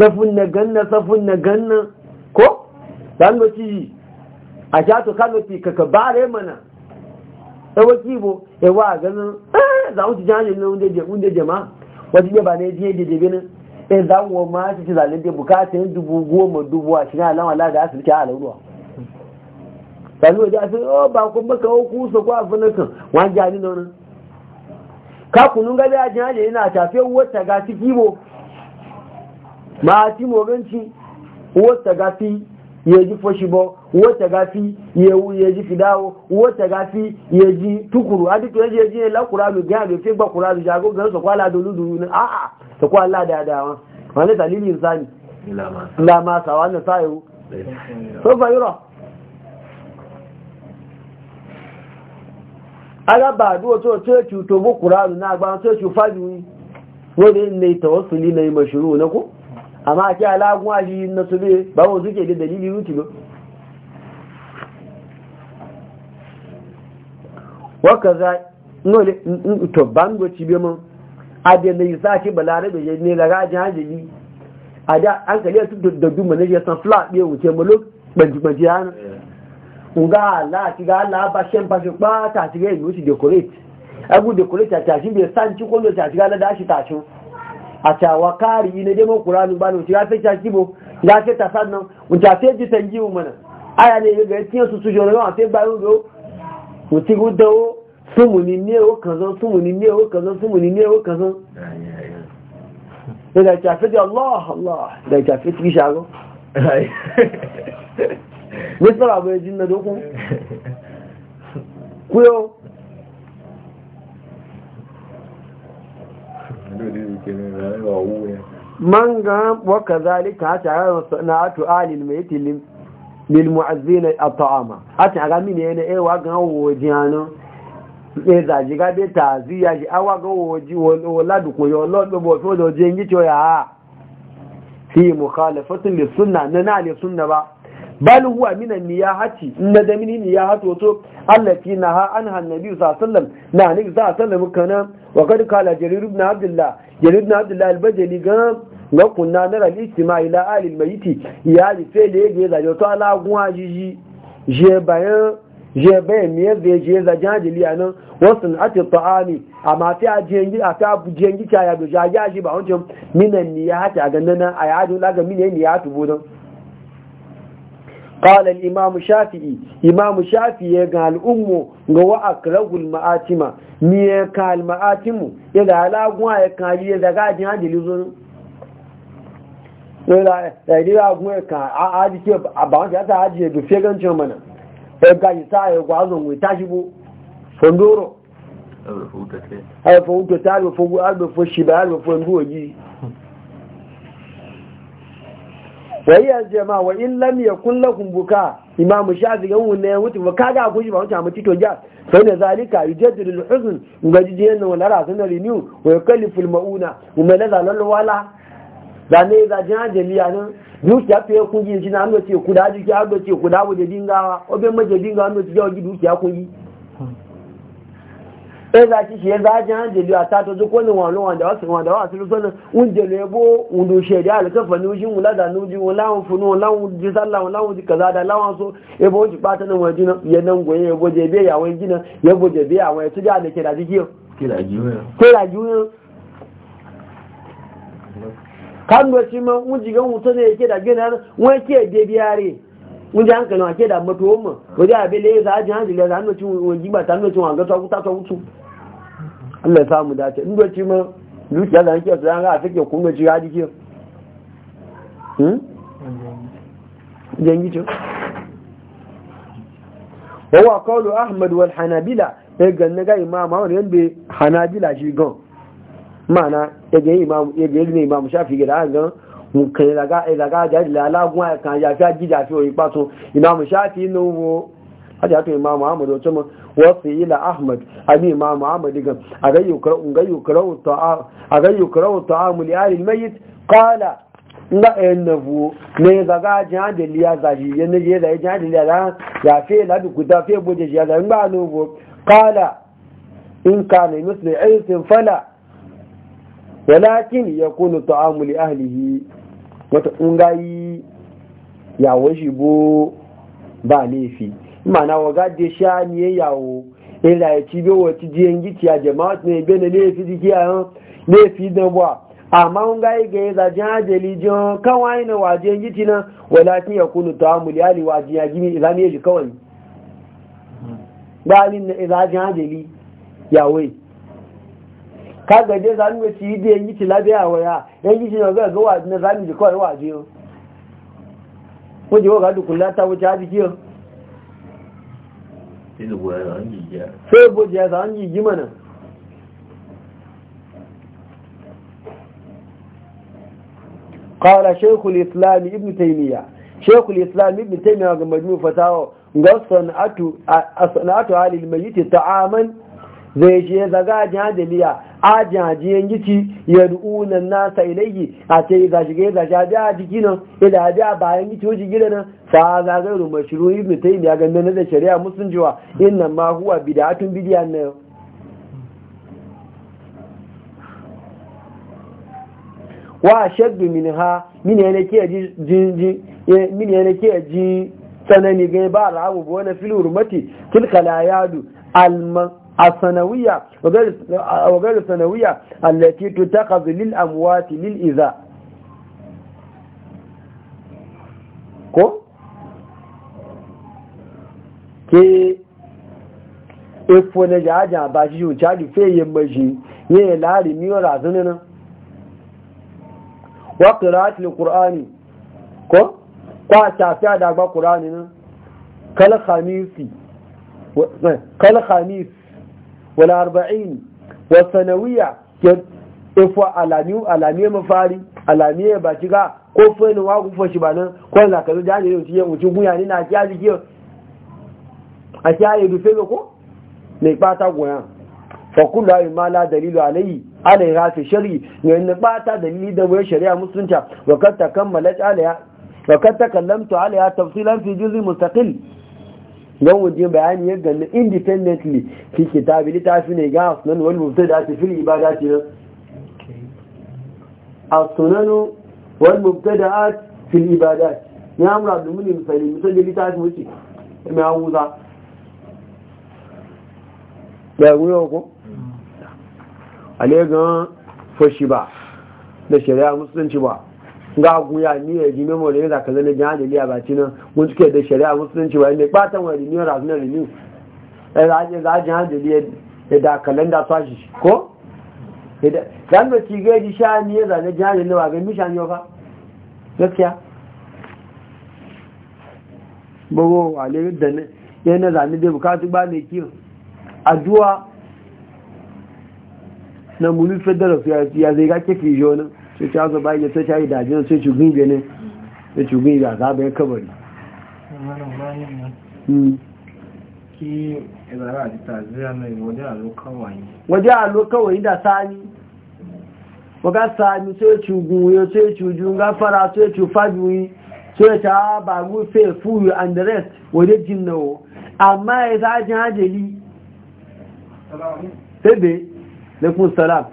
safin na ganna safin na ganna ko yi a sha to kalmaci ka ka bare mana tsawon kibo yawa a ganin eh, za mu ci jihajin na wunde jama'a wajen ne ba ne jiye da jebe nan ɗin eh, za mu ma ci ci zalin da bukata yin dubu goma dubu a shirin alama la da sulke a lauruwa sanu wajen asibiti oh ba kun baka hukun su ko abin nan kan wani jani na wani ka kunun gabi a jihajin yana tafiya wata ga ci bo máa tí mo ji owó tẹ̀gá sí iyeji fọ́ṣibọ́ owó tẹ̀gá sí iyewu iyeji fìdáwó owó tẹ̀gá sí iyeji túkùrù adìtò ẹjẹ́ ẹjẹ́ lẹ́kùnrà lù gẹ́ àmì fẹ́ da lù jàgó gẹ́rẹ́ sọ̀kọ́ aládolúdúrú ní àà sọ̀kọ́ aládàáda wọn wọn lẹ́ta lílì ìsáni láàmà sàwọn ní sáyẹ̀wó tó fà yúrọ̀ alábàádúró tó tó ètù tó gbọ́kùnrà lù náà gbá amma ake alagun ali na su ne ba wa suke da dalili yuti ba waka za nole to bango ci bi mun ade ne yasa ki balare be ne la gaji hajili ada an kale su da duma ne ya san fla be wuce mu ban banji banji han nga ala ti ga ala ba shen pa se pa ta ti ga yi o ti decorate agu decorate ta ti be san ci ko lo ta ti ga la da shi ta tun a cewa ne na neman ƙuranu ba ya fi shashi ya ta sannan wuce a fi ji aya ne ga yatiyan su su jona a fi bayan go wuce gudawo ni ne o kazan ni ne o kazan ni ne o kazan da ta fi Allah Allah da ta fi ti shago wai sara ya jin na dokun kuyo man ga wa kazalika hata ga sana'atu alil maytil lil mu'azzin at'ama hata ga mini ne e wa ga woji anu e za ji ga be taziya ji awa ga woji wala du ko fi mukhalafatin lis sunna ba bal huwa min an-niyahati inna da min niyahati wato allati naha anha an-nabi sallallahu alaihi wasallam na ni sallallahu alaihi wasallam kana wa kad kala jarir ibn abdullah jarir ibn abdullah al-bajali ga ga kunna nara al-ijtima ila ahli al-mayyit ya li fe le ga da to ala gun ajiji je bayan je bayan ya da je za jajili anan wasun ati ta'ami amma fi ajiyangi a ta abujiyangi ta ya do jaji ba wancan min an-niyahati a ganna na ayadu la ga min niyahatu budan قال الإمام الشافعي إمام الشافعي قال أمه قوى أكره المآتمة مية قال مآتمة إذا على أقوى يكاد يزاقات هذه لزنه Ila ɗari ya ka a aji ke ba wani ta aji ya dufe gancin mana, ya gaji sa ya gwazon wai tashi bu, fondoro. Haifa hutu ta alwafo shi ba alwafo nduwa wayyar jama'a wa in lam yakun lahum buka imam shafi yan wunne ya wuti ba kaga ku shi ba wata mutu to ja sai ne zalika yujaddidu al-huzn ngaji diyan nan wala rasun renew wa yukallifu al-mauna umma la zalalu wala da ne za jan jaliya nan dukiya fe kungi shi na an ce ji ki an ce da waje dingawa obe maje dingawa an ce jawo dukiya kungi ɗaya za ki shi ya zaji wani wani wanda wasu wanda wasu lusa na un jeli bo un dushe da alkafa ni ushin wula da nuji wula un funu wula un ji sallah wula un ji kaza da lawan so bo wani jina ya nan goye ya bo jebe ya wani jina ya bo jebe wani su da da ke da jiki yau. Kira juyo. Kan da shi ma un jigan wuta ne ke da gina wani ke jebe yare. Un ji hankali wa ke da matuwan ma. Wajen abin da ya cin wani jigba ta nuna cin wa ga tsakuta Allah ya samu dace in doci ma dukiya da nake tsayan ga take kun ga jiya dike hmm jangi ce wa qawlu ahmad wal hanabila ya eh, ganna ga imam yan yanda hanabila shi gan mana ya ga imam ya ga ne imam shafi ga gan mun kai daga daga jari la lagun kan ya fi ajija fi oyi pato imam shafi no wo aka yi mamu amadu wacce mu wasu yi la ahmad abi mamu amadu ga a karau gayyu karau ta'a agayyu karau ta'amu li ahli almayit na nga enavu ne zaga jihar de liya zaji yene je da jan de liya ya fi ladu du fi fe shi ya zafi ba no go kala in kana misli aysin fala walakin ta ta'amu li ahlihi wata ungayi ya bo ba laifi mana waga da sha ni yawo e ila ya ci e e biyo wata jiyan gici a jama'a ne bene ne fi jiki a yan ne fi da ba amma un ga ga ya zaji hajjali jiyan kawai na wajen gici na walakin ya kunu ta amuli ali wajen ya gini idan ya ji kawai balin na izaji hajjali yawai ka gaje zanu ya ci da yan gici labiya waya yan gici na ga ga wajen na zanu ji kawai wajen yau. Wajen wa ga dukkan lata wuce hajji kiyo. sai bujiya za an yi mana kawara shekul islami ibn taimiyya shekul ibn taimiyya ga majmu fatawa ga sana'atu halil mai yi ta'aman zai ya zaga ajin a jihar jiyan gici ya ru'unan nasa ilayi a ce yi zashi ga zashi abi a jiki nan ila abi a bayan gici wajen gida nan fa za ga rumar shiru ibn tayyib ya na da shari'a musun jiwa inna ma huwa bid'atun bidiyan na wa shaddu minha min yana ke min yana ke ji tsanani ga ba ra'abu ba wani fil hurmati tilka la yadu alman السنوية وغير السنوية التي تتخذ للأموات للإذاء كو كي ifo na jaja ba shi yun cari feyin mashi ne lari miyo razini nan wa qira'atul qur'ani ko kwa tafiya da ba qur'ani nan kal khamis wala arba'in wa sanawiya ke ifo alami alami mafari alami ya baki ga ko fani wa ku fashi banan ko la ka da ne yau mutu guya ni na kiya ji a kiya yi dufe ko ne pata goya fa kullu ay ma la dalilu alayhi alaiha fi shari ne ne pata dalili da wai shari'a musunta wa kad takammalat alaiha wa kad takallamtu alaiha tafsilan fi juz'i mustaqil don wajen bayani yadda na independently fi kitabi littafi ne ga asunan wani mubta da ta fili ibada ce nan asunanu wani mubta da mm. a fili ibada ya mura domin ne misali misali littafi wuce mai hauza da wuyo ku a gan fashi ba da shari'a musulunci ba ga guya ni ya ji memo ne da kaza ne jihar liya ba na mun suke da shari'a musulunci wa ne batan wa renew ra na renew eh za je za jihar liya da kalanda sashi ko dan da ci ga ji sha ni ya zane jihar liya wa ga mi sha ni fa gaskiya bawo wale da ne yana zane da bukatu ba ne kiyo addu'a na mulu federal ya zai ga ke fi jonin sai ta zo ba ya sai ta yi daje sai ci gunge ne sai ci gunge ga kabari hmm. waje a lokawai da sani waga sani sai ci gunye sai ci junga fara sai ci fajuyi sai ta ba rufe fuyu and the rest waje jin jinnawo amma ya zajin hajjali sai bai na kun salam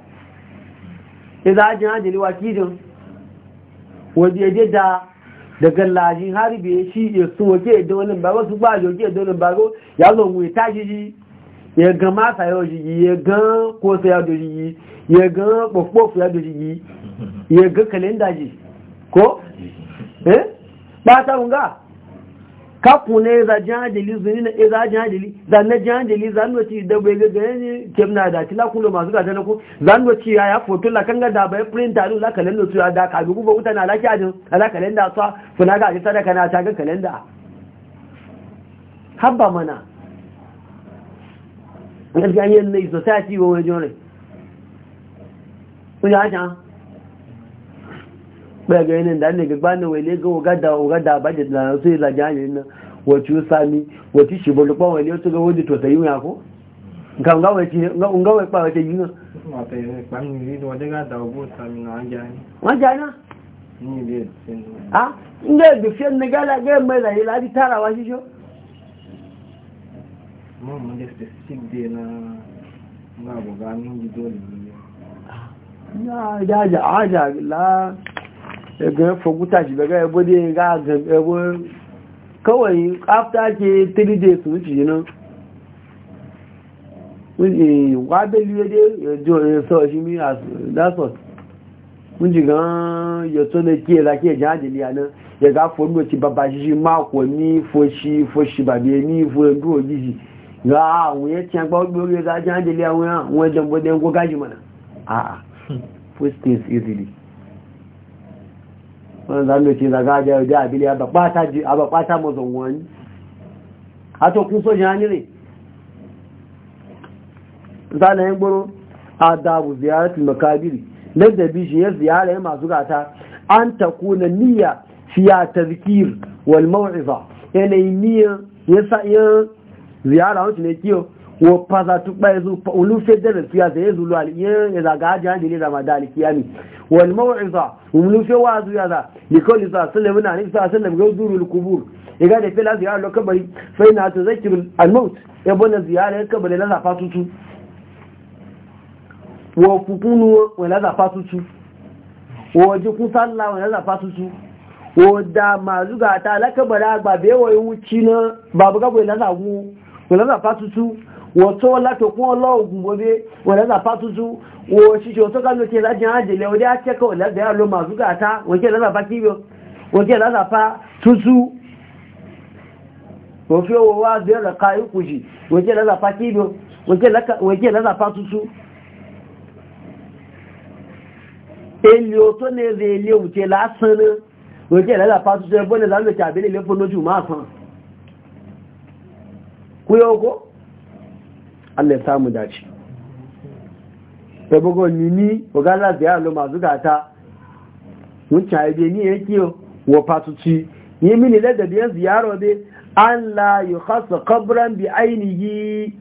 idan e ajin ajali wakilin wajeje da daga laji haribe shi ya sun wake da wani bago su ba joke da wani bago ya zo mu ta jiji ya ga masa yau ya ga ya ya ga ɓofofu ya jiji ya ga kalenda ji ko? eh? ba ta kapu ne za jihadili zuni na za jihadili za na jihadili za nwa ci da bai ga gani kem na da tila kulo masu gata na ku za nwa ci ya ya foto la kanga da bai e printa lu la kalenda su ya da ka bi kuma wuta na la kyajin ala kalenda sa funa ga ji sadaka na ta ga kalenda habba mana gaskiya yin ne society wo wajen ne kun ya ta bai ga yanin da ne gaba ne wai ne ga ogada ogada ba da su yi zagen yanin nan wacce yi sami wacce shi bulu kwan wani wasu ga wani to ta yi wuya ko nga nga wacce nga nga wacce kwan wacce yi na wajen yi a inda ya dufiyan ya gala gaya mai zai ladi tarawa shi shi mun da specific day na nga buga min ne ya jaja aja la e ga foguta shi daga yabo dai ga e ga e kawai after ke 3 days wuce nan wábẹ́lú èdè ẹjọ́ ẹ̀sọ́ ìṣínmí lásọ̀t ń jì gan yọ̀tọ́ lè kí ẹ̀lá kí ẹ̀já àjẹ́lẹ̀ àná yẹ̀gá fòrúgbò ti bàbá ṣíṣí máa kò ní fòṣí ni bàbí ní fòrúgbò òjìṣì ra àwọn yẹ́ tí a gbọ́ gbórí ẹ̀gá àjẹ́lẹ̀ àwọn ẹ̀dọ̀gbọ́dẹ̀ ń kó mana? mọ̀nà ah first things easily wani zanu ke zaga da yau da abili ba kwata mazan wani to kun so jihani ne a dabu adabu ziyaratul makabiri ladabi shi ya ziyara ya masu gata an takuna niyya fiya tazkir wal maw'iza yanayi niyya ya sa ziyara ya ne kiyo wo faza tukpa yanzu ulu federal fiya da yanzu lo aliyan ya zaga hajji hajji ne da ma daliki ya ne wal mawa'iza ulu fi wazu ya za likoli sa sallam na ne sa sallam ga zuru kubur iga da fela ziyara lo kabari sai na ta zakir al maut ya e bona ziyara kabari la zafa tutu wo kupunu wa la zafa tutu wo ji kun salla wa la zafa tutu wo da ma zuga ta la kabara ba be wayin wuci na babu gabo la zagu ko la zafa tutu wọ́n tó látò kún ọlọ́ọ̀gùn gbogbo wọ́n lẹ́sà pátútú wọ́n ṣíṣe wọ́n tó ká lókè láti àjẹ́lẹ̀ orí akẹ́kọ̀ọ́ lẹ́gbẹ̀ẹ́ ló máa zúgà tá wọ́n jẹ́ lẹ́sà pátíyọ wọ́n jẹ́ lẹ́sà pátútú wọ́n fi owó wá bẹ́ẹ̀ lọ́ka ikùjì wọ́n jẹ́ wọ́n jẹ́ lẹ́sà pátútú èlò tó ní ẹ̀rẹ̀ ilé òkè lásán náà wọ́n jẹ́ lẹ́sà pátútú ẹgbọ́n Allah ya samu dace sabogo nini ogala biya lo mazuga ta mun chaye be ni yake wo patuci ni mini da biya ziyaro be Allah ya khassa qabran bi ainihi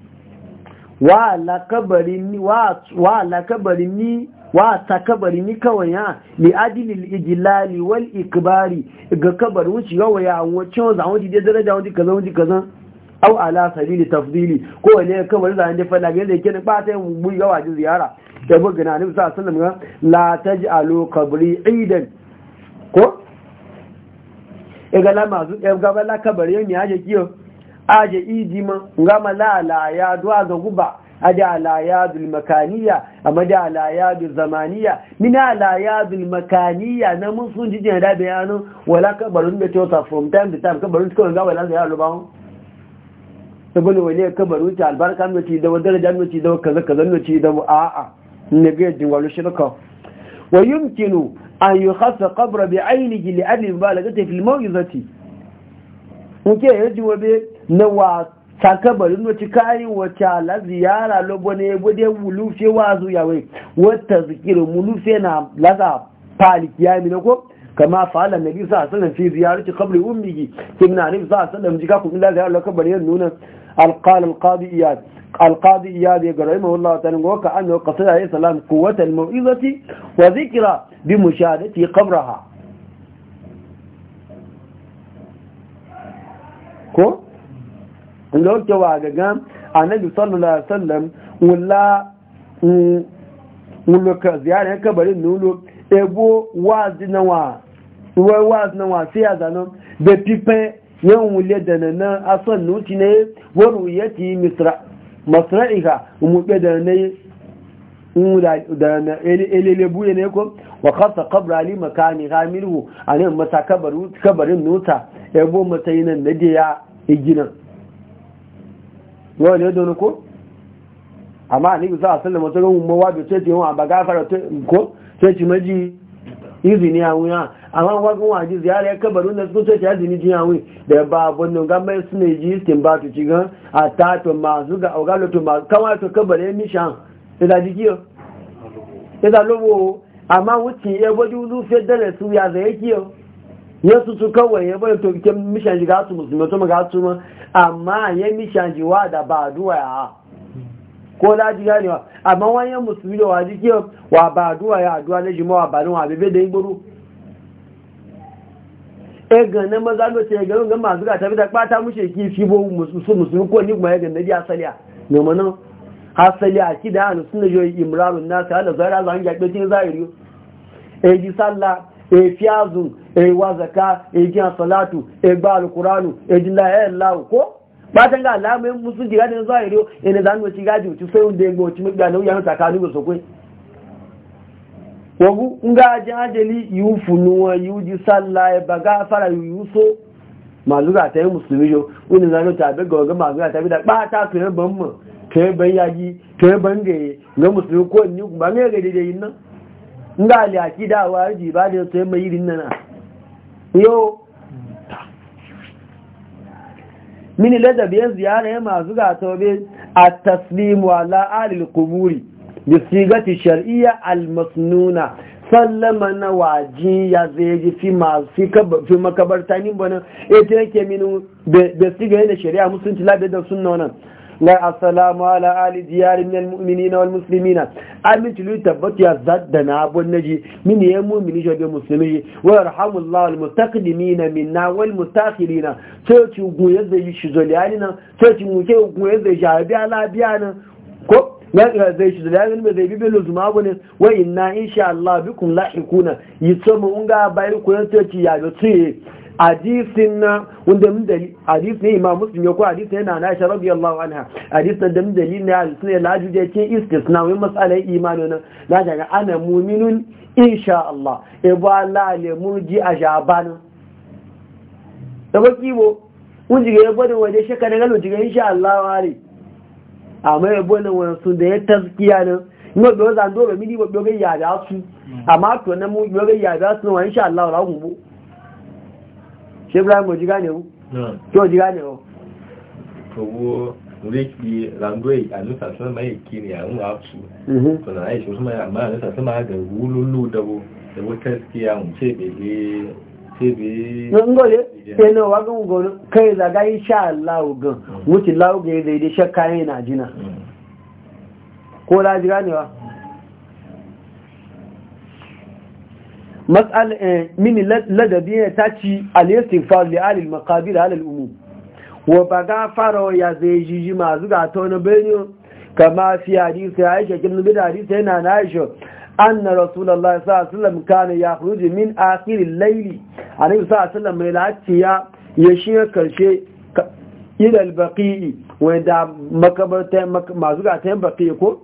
wa la qabrin wa wa la qabrin wa ta kabari ni kawai ya li adilil ijlali wal ikbari ga kabar wuce yawa ya wace wanzu a wajen daraja wajen kaza wajen kaza aw ala sabili tafdili ko ne kamar zan da fada ga yake ne ba yi mu ga gawa ziyara da bu gina ni sallallahu alaihi wasallam la taj'alu qabri idan ko ega la e ga ba la kabari ne aje kiyo aje idi ma ma la la ya duwa ga guba aje ala yadul makaniya amma da ala yadul zamaniya min ala yadul makaniya na mun sun jijin da bayanin wala kabarun da to from time to time kabarun ko ga wala zai alu ba wani ya kabar wuce albarka mu ci da wadar jannu ci da kaza kaza mu ci da a'a na gaya jin shirka wa yumkinu an yukhas qabr bi aynihi li ajli mubalagati zati. al-mawizati ya ji wabe na wa takabarin wace kayan wata la ziyara lobo ne gode wulufe wa zuya yawai, wata zikiri wulufe na lasa falikiya ya na ko kama fa'ala nabi sa sallam fi ziyarati qabri ummihi na nabi sa sallam jika ku illa ziyara lokabar yan nuna alqal alqadi iyad alqadi iyad ya garaima wallahi ta'ala go ka annahu qasada alayhi salam quwwat wa dhikra bi mushahadati ko ndo ke wa gaga annabi sallallahu alaihi wasallam walla wuluka nulu ebo yawan wule da na nan asan nuti ne waru ya ti masra'iha umuɗe da na da na elele ne ko wa kasa kabra ali makani hamilu a nan mata kabarin nuta Ya ebo matayi nan na da ya iginan wani ne don ko amma ne bisa asalin matakan umarwa da ce ce yawan ba gafara ko sai ci maji izini a wuya amma wakon waje ziyara ya kabarin da suka soce izini jiya wuyi da ba abunnan gamar suna ji istin ba tu cigan a tato masu ga augalotu masu kawai to kabarin nishan ita jikiyo ita lobo amma wuce ya gwaji gwada rufiyar dare su ya zai kiyo ya su su kawai ya bai to ke mishan shiga su musulmi to maga su ma amma ya ji wa da ba duwa ya ko laji ganewa amma wayan musulmi da waji ke wa ba aduwa ya aduwa na jimawa da igboro e ganin maza e ganin ga bi da kpata mushe musu musulmi ko ni kuma ya ganin da asaliya ne mana asali a ki da an sunna joyi imrarun nasu ala zara zan ga kbetin zahiri e ji sallah e fiazu e wazaka e ji salatu e ba e ko nga ga alamun musu jiga eh, na zahiri yana zan wuce gaji wuce sai wanda ga wuce mugba na wuyan tsakanin ba sokwe wagu nga ji ajali yi funuwa yu ji salla ya baga fara yu so maluga ta yi musulmi yo wani zan wuce abin ga wagan maluga ta bi da bata to ya ban mu to ya ban yaji to ya ban gaye ga musulmi ne ga nga ali wa ji ba to mai irin nan yo mini ladabiyar ziyara ya masu gatobe a taslimu ala alil kuburi da sigati al almasnuna sallama na waji ya zai fi masu fi makabarta ni bana ita yake minu da siga da shari'a musulunci labe da sunna wannan na assalamu ala ali diyar min almu'minin wal muslimina aminci lu tabbatu ya zadda na abun naji min ya mu'mini jo be muslimi wa yarhamullahu almutaqdimina minna wal mutakhirina sai ci goye zai shi zoliyani nan sai ci muke goye zai jabi ala biya nan ko zai shi da yanin zai bi belo zuma bane wa inna insha Allah bikum lahiquna yitso mu nga bayar ku yanto ci ya ga tsiye hadisin na wanda mun dali hadis ne imam muslim ya ko hadis ne na Aisha radiyallahu anha hadis da mun dali ne hadis ne la juje ke istisna wai mas'alar imani na na daga ana mu'minun insha Allah e ba la le murji a jaban da baki bo mun jiga ya bada waje shaka da galo jiga insha Allah wari amma ya bada wani sun da ya taskiya nan ngo do zan do be mini bo be ya da su amma to na mu yo be ya da su wa insha Allah ra gubo Mhm. ṣe ibrahim ojú gáà nìyẹn tí ojú gáà nìyẹn. owó oríkì rando àlùfà tí àwọn àpù tọ̀nà àìṣe máa àmà àlùfà tí máa ẹwọ́ tẹ́sí àwọn tẹ́bẹ̀lẹ́ kai matsal eh, mini ladabi ne ta ci al-istighfar li ahli al-maqabir ala al-umum wa baga faro ya zai jiji mazu ga to na Ka kama fi hadisi Aisha kin bi hadisi yana na Aisha anna rasulullahi sallallahu alaihi wasallam kana yakhruju min akhir al-layl alaihi sallallahu mai latiya ya shi karshe ila al-baqi wa da makabarta mazuga ga ta baqi ko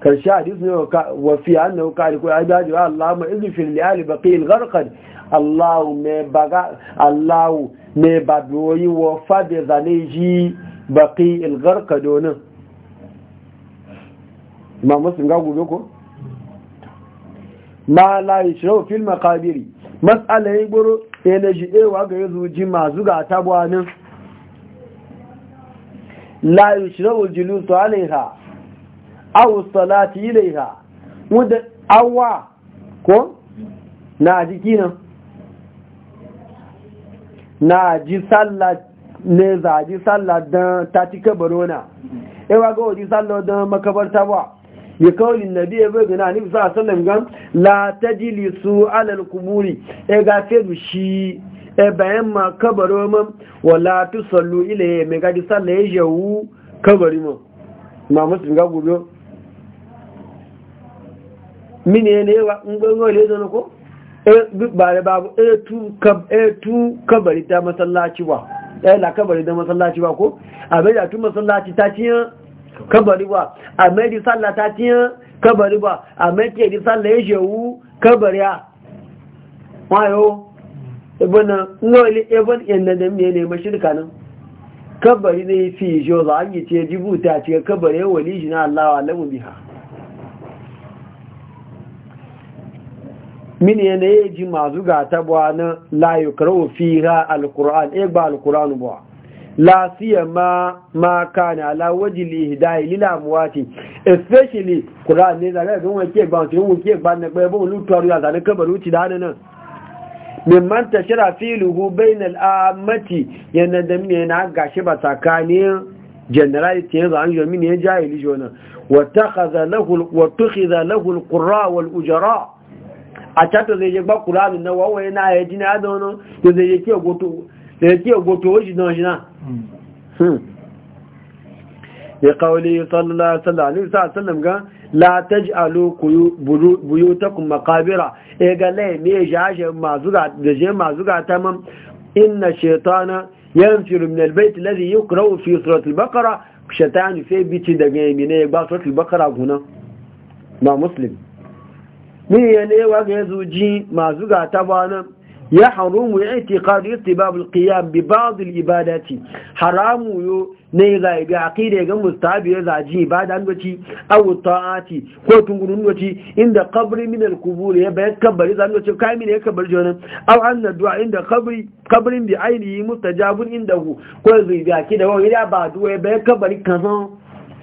karshe hadis ne wa fi annahu qali ko ayi daji Allahumma izni fil liyali baqil gharqad Allahu me baga Allahu me badoyi wa fade zaneji baqil gharqad donin ma muslim ga gobe ko ma la yashru fil maqabiri mas'ala yi buru energy ewa ga yanzu ji mazu ga tabwanin la yashru julusu alaiha aw salati ilaiha wanda awa ko na jiki nan na ji sallah ne za ji sallah dan ta ci kabarona ewa ga waje sallah dan makabarta ba ya kawalin nabi ya bai gina nufi a sallam gan la ta jili su alal kuburi e ga fedu shi e bayan ma kabaro man wala tu sallu ile ya mai gaji sallah ya jawu kabari man ma musulun ga gobe mini ne wa ngongo le zo ko e bare babu e tu kab e tu kabari ta masallaci wa e la kabari da masallaci wa ko a bai da tu masallaci ta ci kabari wa a mai di sallah ta ci kabari ba a mai ke di sallah ya jewu kabari ya wayo ibn ngoli ibn inna da miye ne mashirka nan kabari ne fi jo za a yi ce jibuta ce kabari wali jina Allah wa lamu biha min yana yi ji mazu ga tabuwa na layukar fiha alkur'an e ba alkur'an buwa la siya ma ma kana ala wajil ihda'i lil amwati especially qur'an ne zaga ga wani ba to wani ke ba na ba bon lutuwa ya zane kabaru ti da nan min man tashara filuhu bainal ammati yana da min yana gashi ba tsakanin ta yanzu an yomi ne jahili jona wa takhadha lahu wa tukhidha wal ujara a cato zai je gba min na wawa yana ya ji na da wani to zai je kiyo goto da ya kiyo goto wajen na wajen na hmm. ya kawali sallallahu alaihi wasallam ga la taj'alu buyutakum maqabira e ga lai me jaje mazu da je mazu ga tamam inna shaytana yanfiru min albayt alladhi yuqra'u fi surati al-baqara shaytanu fi biti daga yamine ba surati al guna ma muslim min ne wa ga zuji masu gata ba nan ya haramu ya itiqadu istibab alqiyam bi ba'd alibadati haramu yo ne ga ga aqida ga mustahabi ya zaji ibada an ngoci aw ta'ati ko tungurun ngoci inda qabri min alqubur ya bayan kabari zan ngoci kai min ya kabari jona aw anna du'a inda qabri qabrin bi ainihi mustajabun indahu ko zai ga aqida wa ya ba du'a ya bayan kabari kazan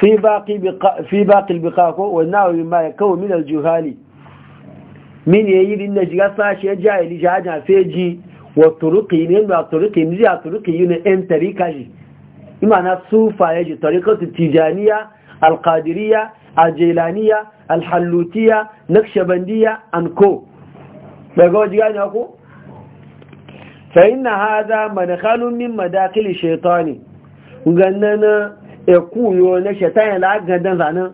في باقي بقاء في باقي البقاء والناو ما يكون من الجهال من يجي لنا جاسا شي جاهل جاجا فيجي وطرقي من طرقي من طرقي ين ان طريقه imana sufa ya ji tarikatu tijaniya alkadiriya ajelaniya alhallutiya nakshabandiya an ko daga waje gani ku? fa haza madakhalun madakili shaitani ganana ekuyo yo na shaitan la gadan zanan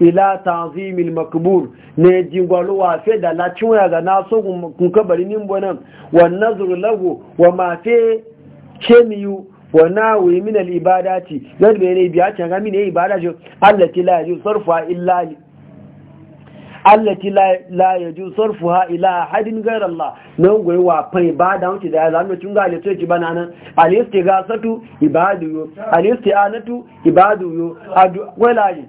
ila tazimil makbur ne jingwalu wa fe da la cinwa ga na so kun kabari nin bonan wa nazru lahu wa ma fe chemiyu wa na min al ibadati yadda ne biya can ga min ibada jo allati la yusarfa illa allati la ya sarfu ha ila hadin gairar Allah na goyi wa fai ba da wuce da ya zama cin ga leto ki bana nan ga satu ibadu yo alistianatu ibadu yo adu walaji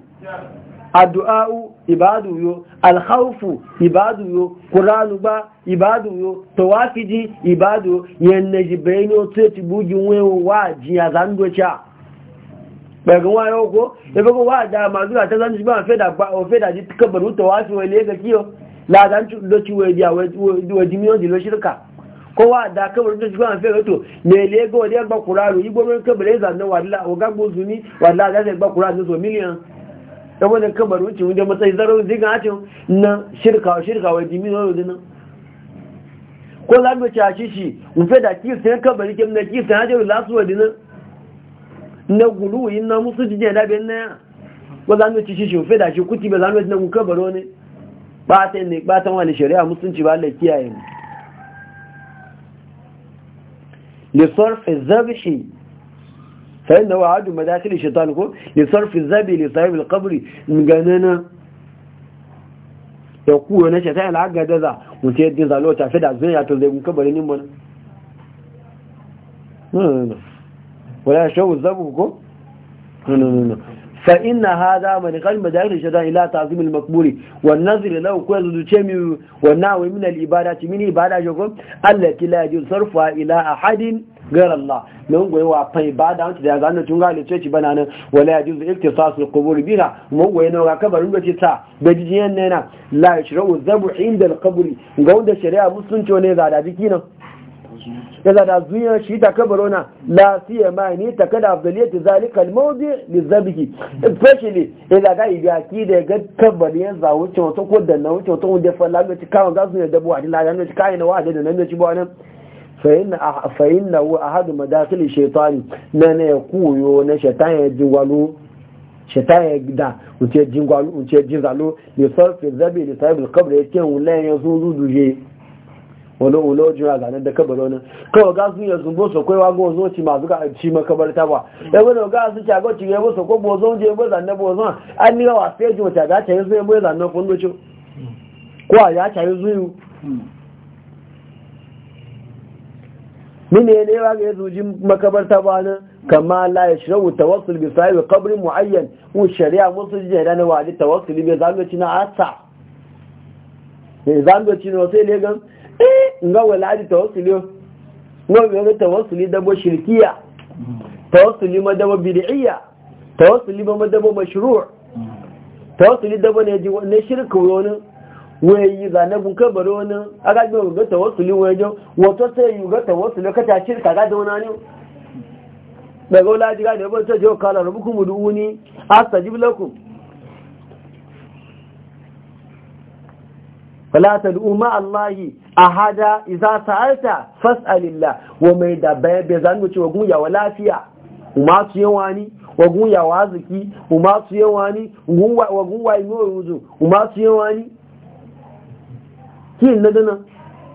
addu'a'u ibadu yo alhaufu ibadu yo ƙuranu ba ibadu yo tawafiji ibadu yanayi yan najibaino tete bujun wewo wa jiya zan docha daga wayo ko da bago wa da mazura ta zanji ba fe da ba o fe da ji kabaru to wasu wai le ga kiyo la dan ci do ci wai dia wai do di mi di lo shirka ko wa da kabaru to ba fe to ne le go le ba qur'anu yi gomen kabare zan na walla o ga go zuni walla da ba qur'anu so miliyan saboda kabaru ci wanda matsayi zaro diga ta na shirka shirka wai di mi no ko la mu ci shi mu fe da ki sai kabari kem na ki sai hajaru lasuwa dinan na gulu yin na musu jije da bin na ya? za mu ci shi shofe da shi kuti ba za zanu na kuka baro ne ba ta ne ba ta wani shari'a musulunci ba Allah kiyaye mu li sarf az-zabhi fa inna wa'adu madakhil ash-shaytan ko li sarf az-zabi li sahib al-qabr ganana ya kuwa na shaitan al'agada za mutu yadda zalota tafi da zuwa ya to zai kuka mun nimbana ولا شو زبكم no, no, فإن هذا من قلب مدائر شدا إلى تعظيم المقبول والنظر له كل ذو والنعو من الإبادة من إبادة جوكم التي لا يجوز صرفها إلى أحد غير الله من قوي وعطي بعد أنت دعا أنه تنقى لتشيش بنانا ولا يجوز اقتصاص القبول بها من ومقوي نوغا كبر نوغا تتا بجيجيان لا يشرو الذبح عند القبر وقود الشريعة مسلم توني ذا دابكينا yana da zuya shi ta kabarona la siya ma ni ta kada afdaliyatu zalika almawdi lizabhi especially ila ga ibaki da ga kabar yan za wuce wato ko da na wuce wato wanda fa lamu ci kawo gasu ne dabo adila ya ne ci kai na wa'ada da nan ci ba nan fa inna ah, fa inna wa ahadu madakhil shaytani na ne kuyo na shaytan ya jingwalu shaytan ya gida wuce jingwalu wuce jingalo ne sarfi zabi da sahibul qabr yake wulan ya zo wani ulojin jira zanen da kabaro nan kawo gasu sun yi zumbo su kwaiwa ga wazo ci masu ga ci makabarta ba ya wani ga su ci a ga ci yabo su ko bozo je bo zanne bozo an ni wa sai ji wata ga ta tayi sai bo zanne kundu ci ko a ya tayi zuyu mine ne ba ga zuji makabarta ba nan kama la yashrawu wasu bi sahibi kabrin muayyan mu shari'a musulmi da na wadi ta wasu bi zanne na asa ne zanne ci no sai Eh, nga wala ji tawassuli nga ga tawassuli da bo shirkiya tawassuli ma da bid'iyya tawassuli ma da mashru' tawassuli da ne ji ne shirka wani wayi ga na gun kabare wani aga ga ga tawassuli wayo wato sai yu ga tawassuli ka ta shirka ga da wani daga wala ji ga da ba ta je kala rabbukum uduni astajib lakum fala tad'u ma allahi ahada iza sa'alta fas'alillah wa mai da bayan bai zan wuce wa gunya wa lafiya kuma su yawa ni wa gunya wa zuki kuma su yawa ni wa gunwa ino yuzu kuma su yawa ni kin dana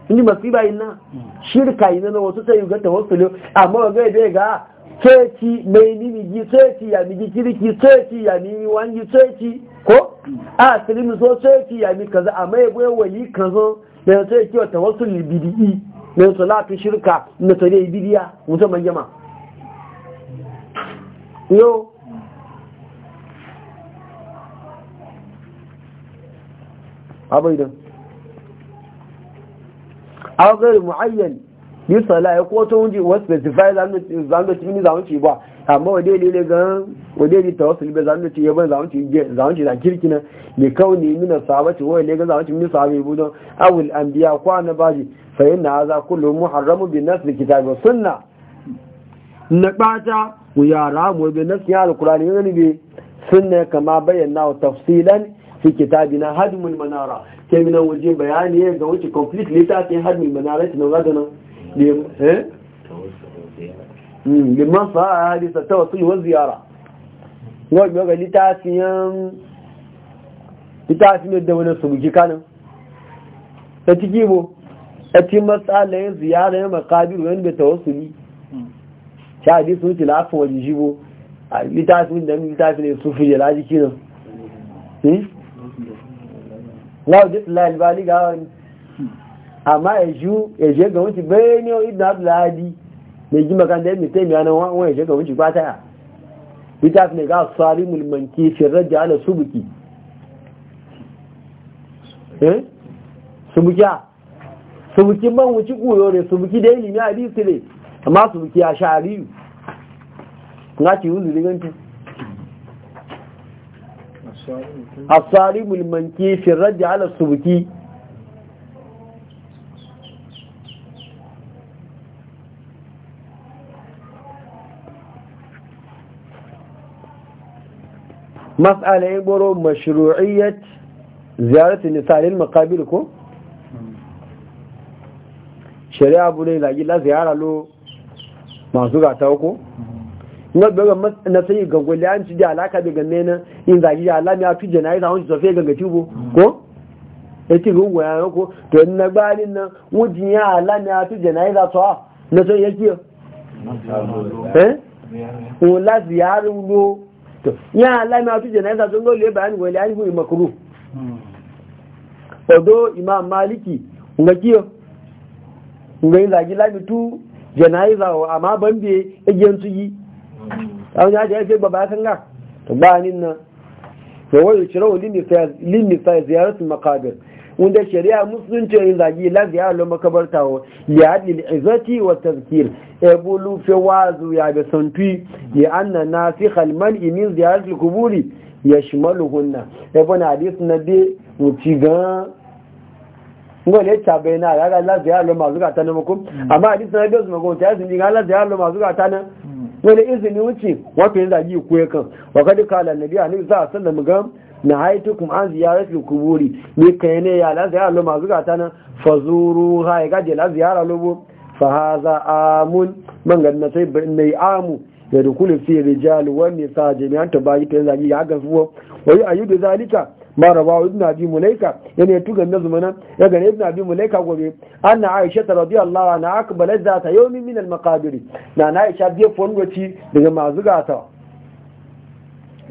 ni masiba ina shirka yi na wasu tayi ga tawakkuli amma ga dai ga ceci mai nimi ji ceci ya mi kiriki ceci ya mi wangi ceci ko a sirimi so ceci ya mi kaza amma ya boye wali kazo na yanzu ya kiwa tawassul bidi'i na yanzu lati shirka na tare bidiya musamman jama yo abaidan agar muayyan yi sala ya ko ta wuce wasu specify zamanci ba amma daidai ne wa daidai ta wasu libe zanu ci yaban zanu ci zanu na da kawo ne nuna sabaci wa ne ga zanu ci min sahabi budo awul anbiya ko annabaji fa inna hadha kullu muharramu bi nasl kitab wa sunna na bata ku yara mu bi ya alqur'ani ne bi sunna kama bayyana tafsilan fi kitabina hadmul manara kai mina waje bayani ga wuce complete littafin hadmul manara nan ga nan eh liman hmm, fa hadisa tawassul wa ziyara wọ́n yóò gẹ̀lí tààfin da wani subuki kanin ta ciki bo a ci matsalayin ya makabiru wani da tawassuli ta hadisi wuce lafin waje jibo a littafin da littafin ne sufi da lajiki nan láwọ́ jẹ́ tìlá ìbálí gáwọ́ ni àmá ẹ̀ṣú ẹ̀ṣẹ́ gẹ̀wọ́n ti bẹ́ẹ̀ ní ìdá àbúláàdì mai ji makaranta mai taimi yana wani shekar wuce ba ta ya su ne ga tsari mulmanki shirar da ala subuki eh subuki a subuki man wuce ya ne subuki da ilimi a bisu ne amma subuki shari sha'ariyu na ce wundu ganci a tsari mulmanki shirar da ala subuki mas'ala يبرو boro mashru'iyyat النساء للمقابل كو ko shari'a bune da gila ziyara lo masu gata ko na na sai ga an ci da alaka daga na in zaki ya alami a tuje na yi zawon ga gati ko ya ci rungu yaro ko to na gbalin nan wujin ya alami a tuje na yi to na sai ya eh o la ziyaru lo to ya Allah ma tu janaza sun dole bayani wali an hu makru odo imam maliki nga kiyo nga yin zagi lami tu janaza wa amma bambe ejen tu yi an ya je sai baba kan ga to ba nin na to wai ciro lin ni fa lin ni fa ziyaratul maqabir wanda shari'a musulunci yin zagi lafiya a lomar kabarta wa ya haɗi izati wa tazkir ebu lufe wazu ya bi santu ya anna na fi halman imin ziyarar kuburi ya shimalu hunna ebu na hadis na bi wuci gan ngole tabe na ya ga ziyarar lomar zuka ta namakon amma hadis na bi wasu magon ta yasin jiga ziyarar lomar zuka ta na wani izini wuce wato yin zagi kuwa kan wa kadi kala nabi a nabi za a sallam gan na haitu kuma an ziyarar fi kuburi ne ka ne ya la ziyara lo masu gata nan fazuru ha ya gaje la ziyara lo bu fa ha amun man na sai mai amu da dukuli fi rijal wa nisa jami'an ta bayi ta zagi ya ga fuwa wai ayu da zalika marawa ibn abi mulaika yana tuga nazuma nan ya gane ibn abi mulaika gobe anna aisha radiyallahu anha akbalat zata yawmin min al maqabir na na aisha biyar fondoci daga masu gata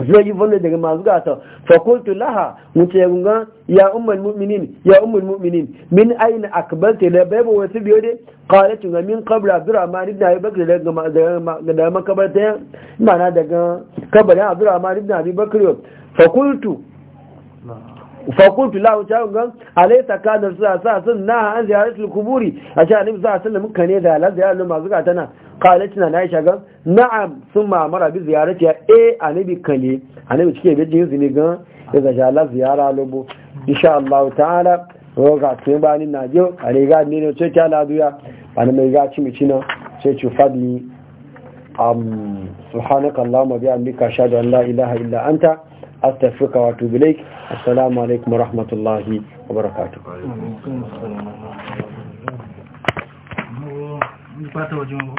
Zai yi wannan daga masu gasa fakultu laha mutu yagunga ya umar mu'minin ya umar mu'minin min aina akbalta la bayba wa su biyo de qalat ga min qabla abdurrahman ibn abi bakr daga da makabarta mana daga kabarin abdurrahman ibn abi yau fakultu fakultu lahu ta yunga alaysa kana sa sa sunna an ziyaratul kuburi a ce annabi sallallahu alaihi wasallam kane da la ziyarar masu gasa na qalatina na aisha ga na'am sun mara bi ziyarati ya eh anabi kale anabi cike bi jin zini ga ya ga jala ziyara lobo insha Allah ta'ala roga tun ba ni na jo ale ga ni ne sai ta laduya ana mai ga ci micina sai ci fadi am subhanaka allahumma bi amrika ashhadu an la ilaha illa anta astaghfiruka wa atubu ilaik assalamu alaikum wa rahmatullahi wa barakatuh fata wajen